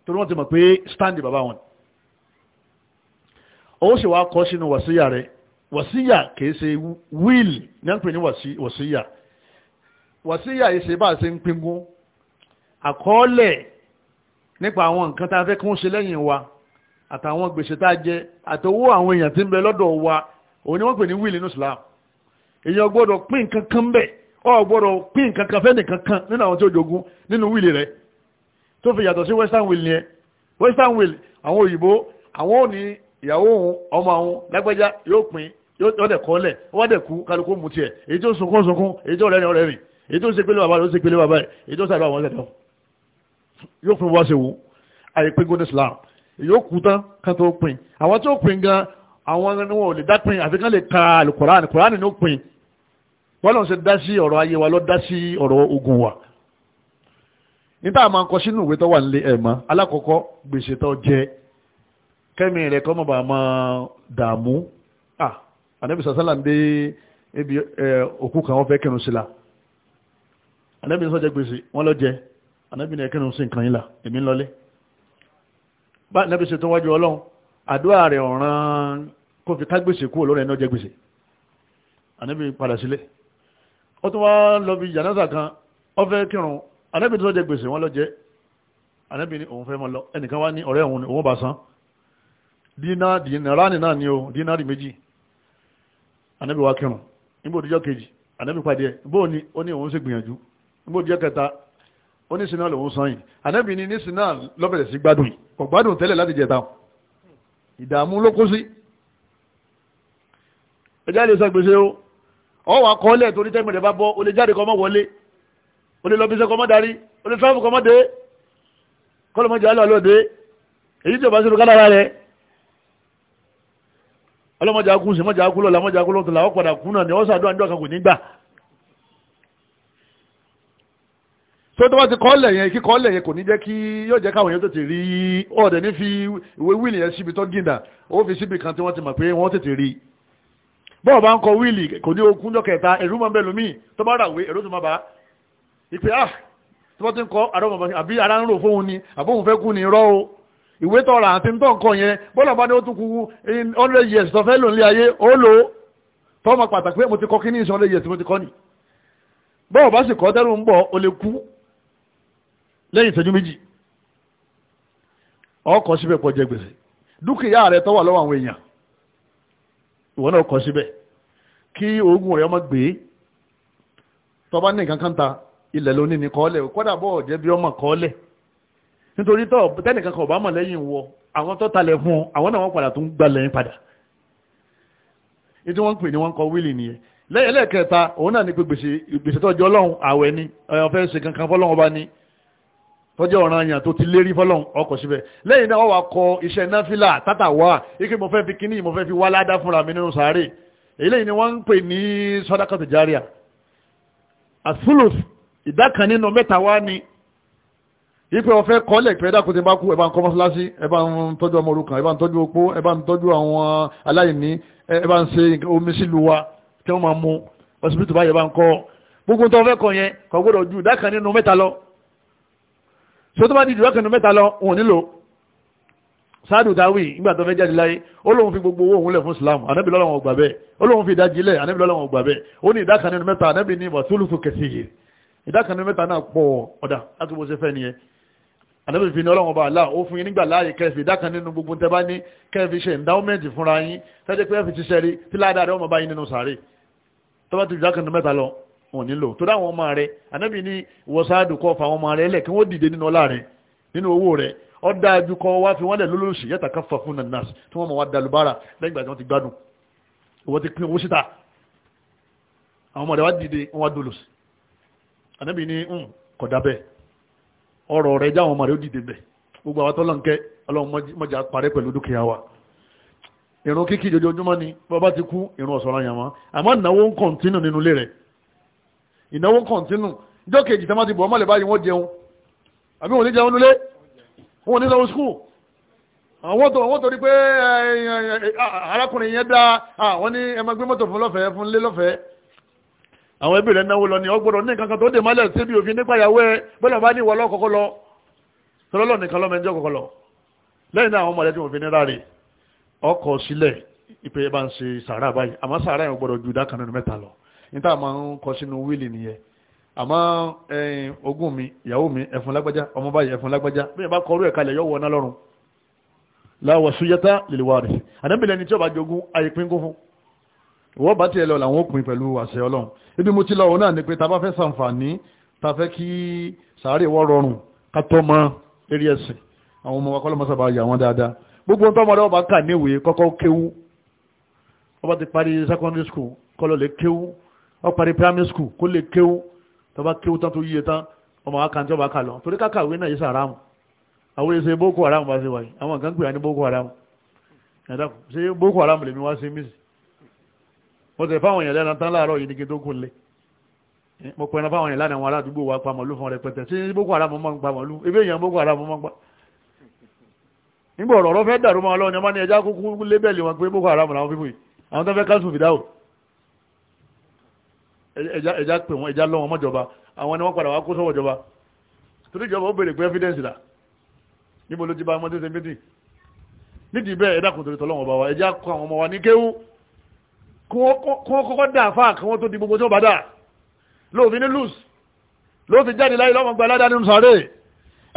torí wọ́n ti mọ̀ pé stand bàbá wọn ó sì wá kọ́ sínú wàsíyà rẹ̀ wàsíyà kìí ṣe wíìlì ní ń pè ní wàsíyà wàsíyà yìí ṣe bá ṣe ń pingun àkọọ́lẹ̀ nípa àwọn nǹkan tá a fẹ́ kí wọ́n ṣe lẹ́yìn wa àtàwọn gbèsè tá a jẹ àtowó àwọn èèyàn tí ń bẹ lọ́dọ̀ wa òun ni wọ́n pè ní wíìlì ní Islam èèyàn gbọ́dọ̀ pín nǹkan kan bẹ́ẹ̀ ọ gbọ́dọ̀ pín nǹkan kan fẹ́ni kankan nínú àwọn tí ó jogún nínú wíìlì rẹ̀ tó fi yàtọ̀ sí western will yẹn western will àwọn òyìnbó àwọn ò ní ìyàwó òun ọmọ àwọn lágbẹ́já yóò pín yóò dẹ̀ kọ́lẹ̀ wọ́n dẹ̀ kú kálukú mu tiẹ̀ èyí tó sunkún sunkún èyí tó rẹ́rìn ọ̀rẹ́rìn èyí tó ń sepele bàbá rẹ̀ ó sepele bàbá rẹ̀ èyí tó sàdọ̀ àwọn ọ̀lẹ́dọ̀ yóò pín wá sí wù àìpé gómìnà Islam yóò kú tán ká tó pín àwọn tó pín gan àwọn ẹni wọn ò lè dá pín àfi kán lè ka Al-Qur'an Al-Qur'an ni ó pín bọ́lọ̀ ṣe dá sí ọ̀rọ̀ ayé wa lọ dá sí ọ̀rọ̀ ogun wa níta máa ń kọ sínú ìwé tó wà nílé ẹ̀mọ́ alákọ̀ọ́kọ́ gbèsè tó jẹ kẹ́mi rẹ̀ kọ́ mọ̀ bá máa dààmú à ànábì sàṣálà ń dé ibi òkú kan wọ́n fẹ́ kẹrun sí la ànábì sọ jẹ gbèsè wọ́n lọ jẹ ànábì ní ẹkẹrun sí nǹkan yìí là èmi ń lọlé bá ànábì ṣe tó wájú ọlọ́run àdúrà rẹ̀ ọ̀ràn kó fi ká gbèsè kúrò lórí ẹni ọjẹ́ gbèsè ànábì padà sílé ó tún wá lọ bí jànáza kan ó fẹ́ kírun anábì tó jẹ gbèsè wọn lọ jẹ anábì ni òun fẹ́ mọ lọ ẹnìkan wá ní ọ̀rẹ́ òun ni òun bá san dínà dínàránì náà ni o dínàrì méjì anábì wá kírun níbo òdíjọ́ kejì anábì pàdé ẹ̀ bó ni ó ní òun sì gbìyànjú níbo òdíjọ́ kẹta ó ní sinna lòun san yìí anábì ni ní sinna lọ́bẹ̀rẹ̀ sí gbádùn yìí kò gbádùn tẹ́lẹ̀ láti jẹta ìdààmú ló kó sí ẹjá ọ wà kọ́ lẹ̀ torí tẹ́gbẹ̀rẹ̀ bá bọ́ o lè jáde kọ́ mọ́ wọlé o lè lọ bíṣẹ́ kọ́ mọ́ darí o lè fẹ́fù kọ́ mọ́ dé kọ́lọ̀ mọ́jà lọ lọ́dẹ èyí tí o bá sínú kádàrá rẹ ọlọ́mọjà kú sí mọ́jà kú lọ́la mọ́jà kú lọ́tọ̀ padà kú náà ni wọ́n sàdúrà níjọ́ kan kò ní gbà tó tó bá ti kọ́ lẹ̀ yẹn kí kọ́ lẹ̀ yẹn kò ní jẹ́ kí yóò jẹ́ káwọn yẹn tètè rí ọ̀dẹ̀ ní fi ìwé wíìlì yẹn síbi tó gìnà bọ́ọ̀ bá ń kọ wíìlì kò ní okun jọ kẹta ẹ̀rú máa ń bẹ lómi tó bá ràwé ẹ̀rú tó máa bá ìpè ah tó bá ti ń kọ àdọ́mọ̀ bá àbí ara ń rò fóun ni àbóhun fẹ́ kú ni rọ́ o ìwé tọ̀rọ̀ àti tó nǹkan yẹn bọ́ọ̀lù bá ní ó tún kú hundred years tó fẹ́ lò nílé ayé ó lò ó tọ́mọ pàtàkì pé mo ti kọ́ kí ní ìṣàn hundred years mo ti kọ́ ni bọ́ọ̀ bá sì kọ́ tẹ́rù ń bọ̀ ó lè kú lẹ́yìn ìṣẹ́jú méjì ọkọ̀ síbẹ̀ pọ̀ jẹ gbèsè dúkìá rẹ̀ tọ́wà lọ́wọ́ àwọn èèyàn ìwọ náà kọ síbẹ̀ kí oògùn rẹ̀ ọmọ gbé tọba ní nǹkan kan ta ilẹ̀ lónìí ní kọ́ọ̀lẹ̀ kọ́dà bọ́ ọ̀jẹ́ bí ọmọ kọ́ọ̀lẹ̀ nítorí tọ́ tẹ́nìkan kan ọ̀bá mọ̀ lẹ́yìn wọ àwọn tó talẹ̀ fún àwọn náà wọ́n padà tó ń gbà lẹ́yìn padà ìdí wọ́n pè ní wọ́n kọ wíìlì nìyẹn lẹ́yìn lẹ́ẹ̀kẹta òun náà ní pé gbèsè gbèsè tọ́jú ọlọ́run àwẹ̀ ni ọ̀fẹ́ ṣe kankan fọ́lọ́run ọba ni tọ́jọ́ ọ̀ràn àyàn tó ti lérí fọ́lọ́n ọkọ̀ síbẹ̀ lẹ́yìn náà wọ́n wá kọ iṣẹ́ náfìlà tátàwá ike mo fẹ́ fi kíní mo fẹ́ fi wá ládá fúnra mi nínú sàárè eléyìí ni wọ́n ń pè ní sọ́dákàtà járíà àfúlùs ìdá kan nínú mẹ́ta wá ni ipe ọ̀fẹ́ kọ́lẹ̀ pé ẹ̀dá kò ti bá kú ẹ̀bá ń kọ́ mọ́sálásí ẹ̀bá ń tọ́jú ọmọ òrukàn ẹ̀bá ń tọ́jú opó ẹ̀bá ń tọ́jú àwọn aláìní ẹ̀bá ń ṣe omi sílùú wa tí wọ́n máa mú ọsibítù báyìí ẹ̀bá ń kọ́ gbogbo tó fẹ́ kọ yẹn kò gbọ́dọ̀ ju ìdá kan nínú mẹ́ta lọ so tó bá di ìdúrọ́kànnù mẹ́ta lọ òun nílò sáàdù dáwì nígbà tó fẹ́ jáde láyé ó lóun fi gbogbo owó òun lẹ̀ fún islam anábì lọ́lọ́wọ̀n ògbà bẹ́ẹ̀ ó lóun fi ìdajì lẹ̀ anábì lọ́lọ́wọ̀n ògbà bẹ́ẹ̀ ó ní ìdákan nínú mẹ́ta anábì ní ìbọ̀ túlùkù kẹsì ìdákan nínú mẹ́ta náà pọ̀ ọ̀dà láti bó ṣe fẹ́ nìyẹn anábì fi ní ọlọ́wọ̀n ọba àlá ó fún yín nígbà láàyè kẹfì ìdákan gbogbo tẹ bá ní kẹfì ṣe endowment fúnra yín tẹ́jẹ́ pé ẹ fi ti ṣẹ́rí tí ládàá rẹ̀ ọmọ bá yín nínú sàárè tó bá ti ìdákan mẹ́ta lọ wọn nílò tó dáwọn ọmọ rẹ anábì ní wọ́sáàdù kọ́ fa ọmọ rẹ lẹ̀ kí wọ́n dìde nínú ọlá rẹ nínú owó rẹ ọ dájú kọ́ wá fi wọ́n lẹ̀ lólóòsì yàtà ká fà fún nanas tí wọ́n mọ̀ wá dalubára lẹ́yìn ìgbà tí wọ́n ti gbádùn ìwọ́n ti pín owó síta àwọn ọmọ rẹ wá dìde wọ́n wá dolòsì anábì ní ń hmm, kíkí jojoojúmọ́ ni bàbá ti kú ìrun ọ̀sọ̀rọ̀ àyàmọ́ àmọ́ ìnáwó ń kọ̀ntínù nínú ilé rẹ̀ ìnáwó kọ̀ǹtínù ìjọ kejì tẹ́ máa ti bọ̀ ọmọ lè báyìí wọ́n jẹun àbí wọ́n ní jẹun nulẹ̀ wọ́n ní lọ́wọ́ skul àwọn tó wọ́n torí pé arákùnrin yẹn dá àwọn ní ẹ máa gbé mọ́tò fún lọ́fẹ̀ẹ́ fún lé lọ́fẹ̀ẹ́ àwọn ẹbí rẹ̀ náwó lọ ní ọgbọ́dọ̀ ní nǹkan kan tó dè mọ́lẹ̀ síbi òfin nípa ìyàwó ẹ bọ́lá bá ní ìwọ lọ́kọ̀ọ́kọ́ lọ tọ́lọ́lọ́ nìkan lọ́mọ ẹjọ́ kọ̀ọ̀kọ́ lọ lẹ́yìn náà àwọn mọ̀lẹ́bí òfin ní ráre ọkọ̀ sílẹ̀ ìpè bá ń ṣe sàárà báyìí àmọ́ sàárà yẹn gbọ́dọ̀ ju ìdá mẹ́ta lọ níta máa ń kọ sínú wíìlì nìyẹn àmọ́ ogún mi ìyàwó mi ẹ̀fún lágbájá ọmọ báyìí ẹ̀fún lágbájá bí ẹ bá kọrú ẹ̀ kalẹ̀ yóò wọ ọ́nà lọ́rùn láwọ̀ súyẹ́tà lèlèwárì àdébìlẹ̀ ni tí ó bá jogún àyípín gún fún ìwọ́ bá tiẹ̀ lọ làwọn òpin pẹ̀lú àṣẹ ọlọ́run ibi mo ti lọ òun náà ni pé ta bá fẹ́ sàǹfààní ta fẹ́ kí sàárè wọ́ rọrùn ká tọ́ mọ eré ẹ̀sìn àwọn ọmọ wakọ́lọ́ mọ́sàbà yà wọ́n dáadáa gbogbo ohun tọ́mọdé ọba kà ọba ti ó parí primary school kó lè kéwú tó bá kéwú tán tó yíye tán ọmọ wa kàn tí ọba kà lọ torí káka ìwé náà yìí sàrámù àwọn èsè boko haram bá ṣe wáyé àwọn kan gbìyànjú boko haram ẹ̀dàkùn ṣe boko haram lèmi wá sí mísì mo tẹ̀ fáwọn èèyàn lẹ́nu tán láàárọ̀ yìí ní kí tó kún lé mo pẹ̀lú fáwọn èèyàn lánàá àwọn aládùúgbò wa pa màlúù fún rẹpẹtẹ sí boko haram mọ́ ń pa màlúù ebí èèyàn boko haram mọ́ ń pa nígbà ọ̀rọ̀ fẹ́ dàrú mọ́ ọlọ́run ọmọ ní ẹja kúkú lébẹ̀lì wọn pé boko haram làwọn fífò yìí àwọn tó fẹ́ kásù fìdáwò ẹja pè wọn ẹja lọ wọn mọ́jọba àwọn ni wọ́n padà wá kó sọ́wọ́ ìjọba torí ìjọba ó béèrè pé evidence là níbo ló ti bá ọmọdé ṣe méjì nídìí bẹ́ẹ̀ ẹ̀dá kò torí tọ́lọ́wọ́n bá wa ẹja kọ àwọn ọmọ wa ní kéwú kí wọ́n kọ́kọ́ dà fáà kí wọ́n tó di gbogbo tí wọ́n bá dà lóòfin ní lùs lóòfin jáde láyé lọ́mọ gba aládàá nínú sàárè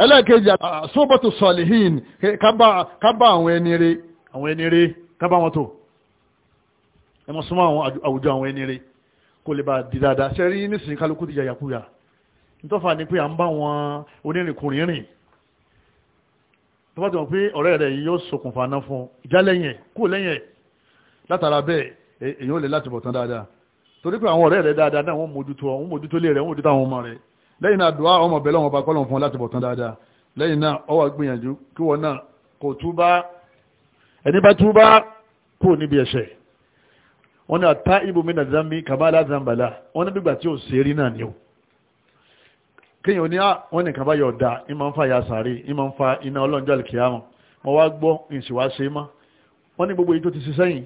ẹlẹ́ẹ̀kejì sóbọ̀tò sọ̀lìhìn kábà àwọn ẹni rẹ̀ àwọn ẹni rẹ̀ kábà wọn tó ẹ kò lè bá di dáadáa ṣe rí nísìnyí kálukú ti yàyàkúyà nítọ́fà ni pé à ń bá wọn onírìnkùnrin rìn tó bá ti mọ̀ pé ọ̀rẹ́ rẹ̀ yìí yóò ṣokùnfà náà fún ìjà lẹ́yìn kú lẹ́yìn látara bẹ́ẹ̀ e, èyí ò lè láti bọ̀ tán dáadáa torí pé àwọn ọ̀rẹ́ rẹ̀ dáadáa náà wọ́n mójútó wọn mójútó lé rẹ̀ wọ́n mójútó àwọn ọmọ rẹ̀ lẹ́yìn náà dùá ọmọ bẹ̀lẹ́ wọn bá kọ́lọ̀ fún láti bọ̀ tán lẹ́yìn náà ó gbìyànjú kí wọn náà kò túbá ẹni bá túbá kúrò níbi ẹ̀ṣẹ̀ wọ́n ní àtá ìbò mẹ́ta zambi kàbálá zambala wọ́n ní bígbà tí ó ṣe rí náà ni ó kíyàn ní ah, wọ́n ní kàbá yọ̀ọ̀dá ìmọ̀ ń fa ya sàárè ìmọ̀ ń fa iná ọlọ́njọ́ alìkìyàmù wọ́n wá gbọ́ ìsìwá ṣe mọ́ wọ́n ní gbogbo èyí tó ti ṣe sẹ́yìn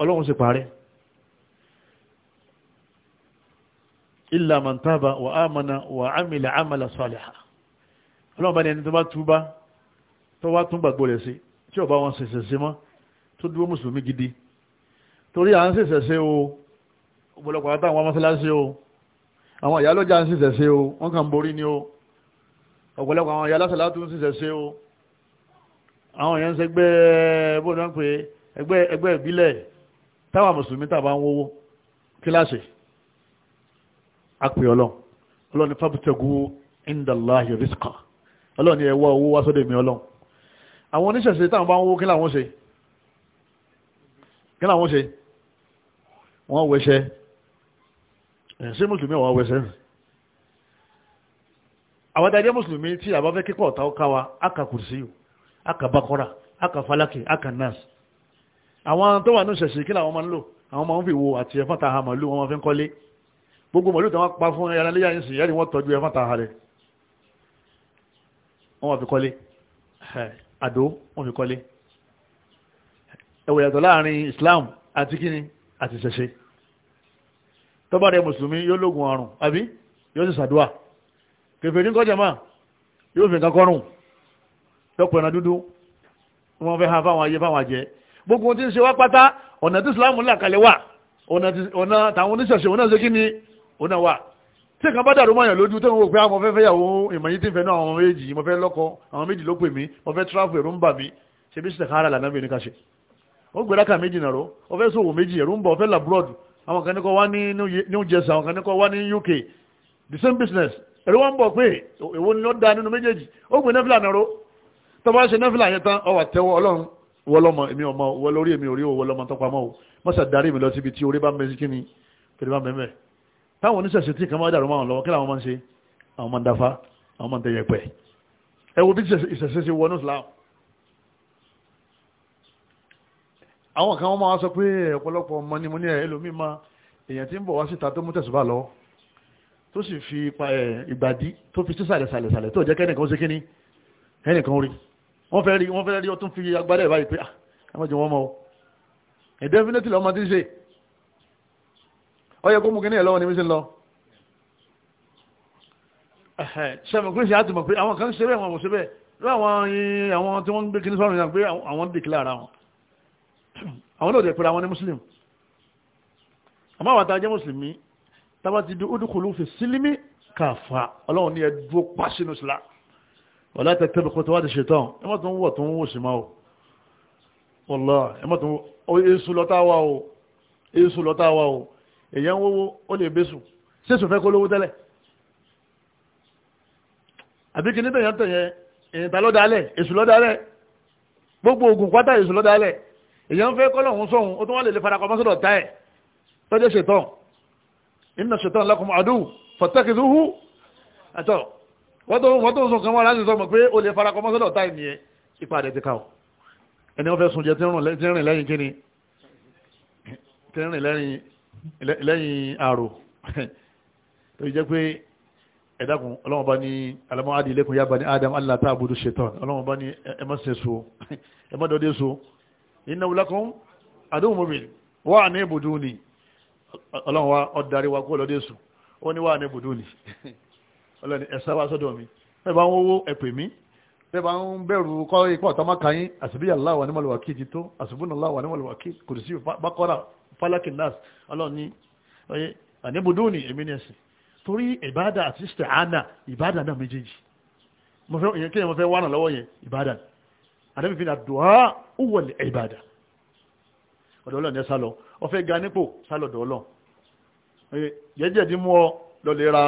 ọlọ́run sì parẹ́ illa man taba wa amana wa amila amala saliha ọlọ́run bá ní ẹni tó bá túbá tó wá tún gbàgbọ́ torí à ń ṣẹ̀ṣẹ̀ ṣe o ọ̀pọ̀lọpọ̀ àtàwọn mọ́sálásí o àwọn ìyálọ́jà ń ṣẹ̀ṣẹ̀ ṣe o wọ́n kàn borí ni o ọ̀pọ̀lọpọ̀ àwọn ìyálásàlá tún ṣẹ̀ṣẹ̀ ṣe o àwọn èèyàn ṣe gbé bóòdó ń pè ẹgbẹ́ ẹgbẹ́ ìbílẹ̀ táwọn mùsùlùmí tàbá ń wówó kíláàsì àpè ọlọ́n ọlọ́ni fábùtẹ́gù indalahi rizqa ọlọ́ni ẹwọ́ owó wá sọ́dọ̀ mi ọlọ́n àwọn oníṣẹ̀ṣe táwọn bá ń wó kíláwọn ṣe wọ́n wẹsẹ̀ ṣé mùsùlùmí àwọn wẹsẹ̀ àwọn adájẹ́ mùsùlùmí tí àbá fẹ́ kíkọ́ ọ̀tá ọ̀ká wa aka kùrìsì aka bakora aka falaki aka nas àwọn tó wà ní ṣẹ̀ṣì kí làwọn máa ń lò àwọn máa ń fi wo àti ẹ̀fọ́n ta ha màlúù wọn máa fi ń kọ́lé gbogbo màlúù tí wọ́n pa fún ẹran léyà ń sìn yẹ́rì wọ́n tọ́jú ẹ̀fọ́n ta ha rẹ̀ wọ́n fi kọ́lé àdó wọ́n fi kọ́lé ẹ̀wọ̀ láàrin Islam àti kíni àti ṣẹṣẹ tọ́bà rẹ̀ mùsùlùmí yóò lógun ọrùn àbí yóò sì sàdúà kèfè ní kọjá máa yóò fi nǹkan kọrùn tọ́pọ̀ ẹ̀nà dúdú wọ́n fẹ́ ha fáwọn ayé fáwọn àjẹ́ gbogbo tí ń ṣe wá pátá ọ̀nà tí Islam là kalẹ̀ wà ọ̀nà tàwọn oníṣẹ̀ṣẹ̀ ọ̀nà ṣe kí ni ọ̀nà wà tí kan bá dàrú mọ́yàn lójú tó ń wò pé àwọn ah, fẹ́ fẹ́yàwó ìmọ̀ yìí tí ń fẹ́ náà àwọn méjì mo fẹ́ lọ́kọ àwọn méjì ló pè mí mo fẹ́ tráfù ẹ̀rú ń bà mí ṣe bí sìtẹ̀kára lànà mi ní ká ṣe ó gbé rákà méjì nàró ó fẹ́ sòwò méjì ẹ̀rú ń bọ̀ ó fẹ́ labroad àwọn kan ní kọ́ wá ní New Jersey àwọn kan ní kọ́ wá ní UK the same business ẹ̀rú wọn bọ̀ pé èwo ni ó da nínú méjèèjì ó gbé nẹ́fìlà nàró tó bá ṣe nẹ́fìlà yẹn tán ó wá tẹ́wọ́ ọlọ́run wọlọ́mọ èmi ọmọ wọlórí èmi orí wọlọ́mọ tó pamọ́ o mọ́sà darí mi lọ síbi tí orí bá mẹ́sí kí ni kiri bá mẹ́mẹ́ táwọn oníṣẹ̀ṣẹ̀ tí kan máa dàrú máa lọ kí làwọn máa ń ṣe àwọn máa ń dafa àwọn máa ń tẹ̀yẹ̀pẹ̀ ẹ wo bí ìṣẹ̀ṣẹ̀ ṣe wọnú Islam àwọn kan wọ́n máa sọ pé ọ̀pọ̀lọpọ̀ ọmọ ni mo ní ẹ̀ ẹlòmíì máa èèyàn tí ń bọ̀ wá síta tó mú tẹ̀sùbà lọ tó sì fi ìgbàdí tó fi sísàlẹ̀ sàlẹ̀ sàlẹ̀ tó jẹ́ kẹ́nìkan ó ṣe kíní ẹnìkan rí wọ́n fẹ́ rí wọ́n fẹ́ rí ọtún fi agbádẹ́ ìbáyìí pé ah ẹmọ́ mọ́ o ẹ̀dẹ́ fínẹ́tì lọ́mọ tí ń ṣe ọyẹ kó mú kíní ẹ̀ lọ́wọ́ ni mí sí lọ sẹ́mi kúrìsì á ti mọ̀ pé àwọn kan ṣe bẹ́ẹ̀ wọn kò ṣe bẹ́ẹ̀ lọ́wọ́ àwọn tí wọ́n ń gbé kíní sọ́run yàn pé àwọn dìkìlá ara wọn àwọn náà dẹ̀pẹ̀rẹ̀ àwọn ní muslim àmọ́ àwọn àtàjẹ́ mùsùlùmí tábà ti di udkhulu fi sílímì kàfà ọlọ́run ní ẹdúró pa sínú sílá wala tattabi'u khutuwati shaitan ẹ má tún wọ̀ tó ń wò sí máa o wallahi ẹ má tún èso lọ́tà o èso lọ́tà wa o èyàn ń wọ́wọ́ ó lè bẹ́sù sẹ́sù fẹ́ kó lówó tẹ́lẹ̀ àbí kí ní tẹ̀yàn tẹ̀yẹn ìyẹn ta lọ́dà alẹ̀ èso lọ́dà èyàn fẹ́ kọ́ lọ́hún sóhun ó tún wá lè lè farakọ mọ́sọ́dọ̀ tá ẹ̀ tọ́jọ́ ṣetán inna ṣetán lakum adu fattakizuhu àtọ́ wọ́n tó wọ́n tó ń sùn kan wọ́n láti sọ mọ̀ pé ó lè farakọ mọ́sọ́dọ̀ tá ẹ̀ nìyẹn ipa rẹ̀ ti ká o ẹni wọ́n fẹ́ sun jẹ tí ń rìn lẹ́yìn kíni tí ń rìn lẹ́yìn àrò tó jẹ́ pé ẹ̀dàkùn ọlọ́wọ́n bá ní alamọ́ adìlẹ́kùn yá bá ní adam allah ta'budu ṣetán ọlọ́wọ́n bá ní ẹmọ́ sẹ́so ẹmọ́ dọ́dẹ́ so inna lakum aduwwun mubin wa anibuduni ọlọ́run wa ọ̀darí wa kó lọ́dẹ́ sùn ó ní wa anibuduni ọlọ́ni ẹ̀sà wa sọ́dọ̀ mi bẹ́ẹ̀ bá ń wó ẹ̀pẹ̀ mi bẹ́ẹ̀ bá ń bẹ̀rù kọ́ ipò ọ̀tọ́mọ́ kàyín àṣìbíyà Allah wa ni'mal wakil ti tó àṣìbúnà Allah wa ni'mal wakil kò sí bákọ́rà fálákì nas ọlọ́ni anibuduni èmi ní ẹ̀sìn torí ìbádà àti ìsìtẹ̀ àánà ìbádà náà méjèèjì mo fẹ́ kí àdébí fi àdùá ó wọlé ìbàdà ọ̀dọ̀ ọlọ́run yẹn sálọ ọ̀fẹ́ ga nípò sálọ ọ̀dọ̀ ọlọ́run jẹ́jẹ́ dí mú ọ lọ́lẹ́ ra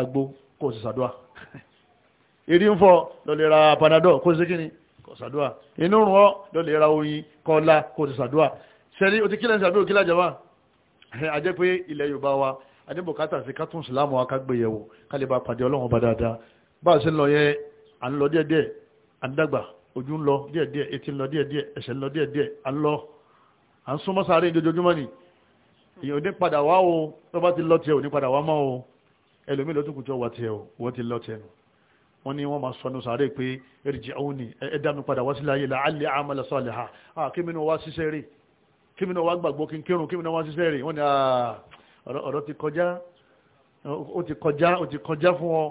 agbo kò sì sàdúà ìrí ń fọ lọ́lẹ́ ra panadol kò sì kíni kò sàdúà inú rùn ọ lọ́lẹ́ ra oyin kọ́lá kò sì sàdúà sẹ́ni o ti kílẹ̀ ń sàdúà kílẹ̀ jẹ́ wá ajẹ́ pé ilẹ̀ yorùbá wa adébòkátà sí kátún ìsìlámù wa kágbéyẹ̀wò kálíbà pàdé ọlọ́run bá dáadáa bá a ṣe ń lọ yẹn à ń lọ díẹ̀díẹ̀ à ń dàgbà ojú ń lọ díẹ̀díẹ̀ etí ń lọ díẹ̀díẹ̀ ẹsẹ̀ ń lọ díẹ̀díẹ̀ alọ́ à ń súnmọ́ sáré ojoojúmọ́ ni èyàn ò ní padà wá o tó bá ti lọ tiẹ̀ ò ní padà wá mọ́ o ẹlòmíì ló tún kù tí wà tiẹ̀ o wọ́n ti lọ tiẹ̀ nù wọ́n ní wọ́n máa sọnù sáré pé èrìjì àwọn ni ẹ̀dá mi padà wá ah kí mi náà wá ṣiṣẹ́ rè kí mi náà wá gbàgbọ́ kí n kírun kí mi náà wá ṣiṣẹ́ rè wọ́n ní ọ̀rọ̀ ti kọjá ó ti kọjá ó ti kọjá fún ọ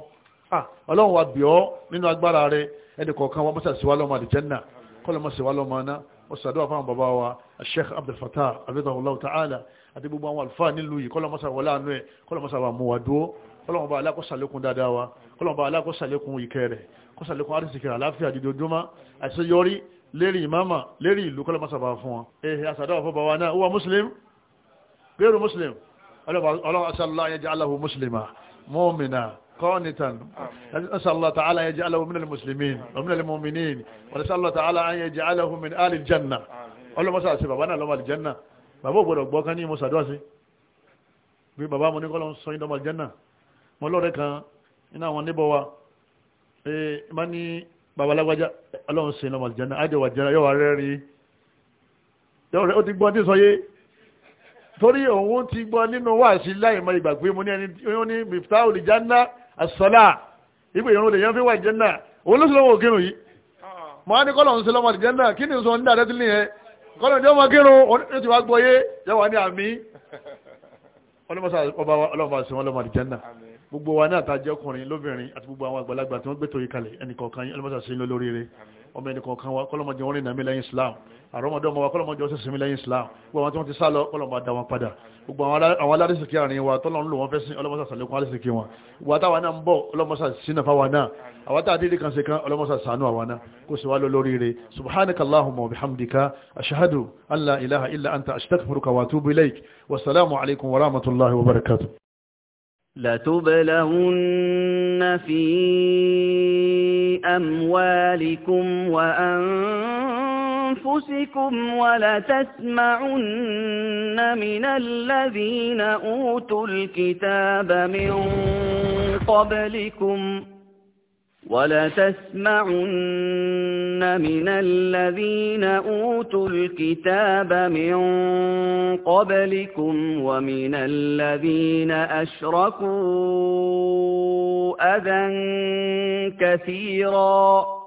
ah ọlọ́run wa bì ọ́ ẹni kọ̀ọ̀kan wọn mọ́sà síwá lọ́mọ àlìjẹ́nà kọ́lọ̀ mọ́ síwá lọ́mọ aná wọ́n sàdọ́ àfáwọn bàbá wa Sheikh Abdul Fattah abidahulaw ta'ala àti gbogbo àwọn àlùfáà nílùú yìí kọ́lọ̀ mọ́sà wọlé àánú ẹ̀ kọ́lọ̀ mọ́sà wà mú wa dúró kọ́lọ̀ mọ́ba aláàkó sàlékún dáadáa wa kọ́lọ̀ mọ́ba aláàkó sàlékún ìkẹ́ rẹ̀ kó sàlékún àrísìkì àláfíà dídí ojúmọ́ àṣeyọrí lérí ìmáàmà lérí ìlú قانتا نسأل الله تعالى يجعله من المسلمين ومن المؤمنين ونسأل الله تعالى أن يجعله من آل الجنة ọlọ́ mọ́sá àti bàbá náà lọ́mọ àlìjẹ́nà bàbá ògbọ́dọ̀ gbọ́ kan ní mọ́sàdọ́ sí bí bàbá mo ní kọ́ lọ ń sọ ìdọ́mọ àlìjẹ́nà mọ́ lọ́rẹ́ kan iná àwọn níbọ̀ wa ee má ní bàbá alágbájá ọlọ́run sí ìdọ́mọ àlìjẹ́nà ájọ wà jẹ́nà yọ̀wà rẹ́ rí ó ti gbọ́n tí sọ yé torí òun ti gbọ́n nínú wàásí láì mọ ìgbàgbé mo ní ẹni as-salah ìgbè ìrún lè yẹn fi wà jẹ́nà òun ló sì lọ́wọ́ òkèrò yìí mọ́ á ní kọ́lọ̀ ń se lọ́mọ jẹ́nà kí ni sọ ní dàdẹ́ tí nìyẹn kọ́lọ̀ ní ọmọ kírun ó ti wá gbọ́ yé yẹ́wà ní àmì ọlọ́mọsá ọba ọlọ́mọ sí wọn lọ́mọ jẹ́nà gbogbo wa náà ta jẹ́kùnrin lóbìnrin àti gbogbo àwọn àgbàlagbà tí wọ́n gbé torí kalẹ̀ ẹnì kọ̀ọ̀kan ọlọ́mọsá sí lórí rẹ̀ ọmọ ẹni kọ̀ọ̀kan wa kọ́lọ́mọ jẹ́ wọ́n ní nàmí lẹ́yìn islam àrọ́mọdé ọmọ wa kọ́lọ́mọ jẹ́ ọsẹ́sẹ́ mi lẹ́yìn islam gbogbo àwọn tí wọ́n ti sá lọ kọ́lọ́mọ àdá wọn padà gbogbo àwọn alárìsìkí àárín wa tọ́lọ́ ń lò wọ́n fẹ́ sí ọlọ́mọsà إن في أموالكم وأنفسكم ولتسمعن من الذين أوتوا الكتاب من قبلكم ولتسمعن من الذين أوتوا الكتاب من قبلكم ومن الذين أشركوا أذى كثيراً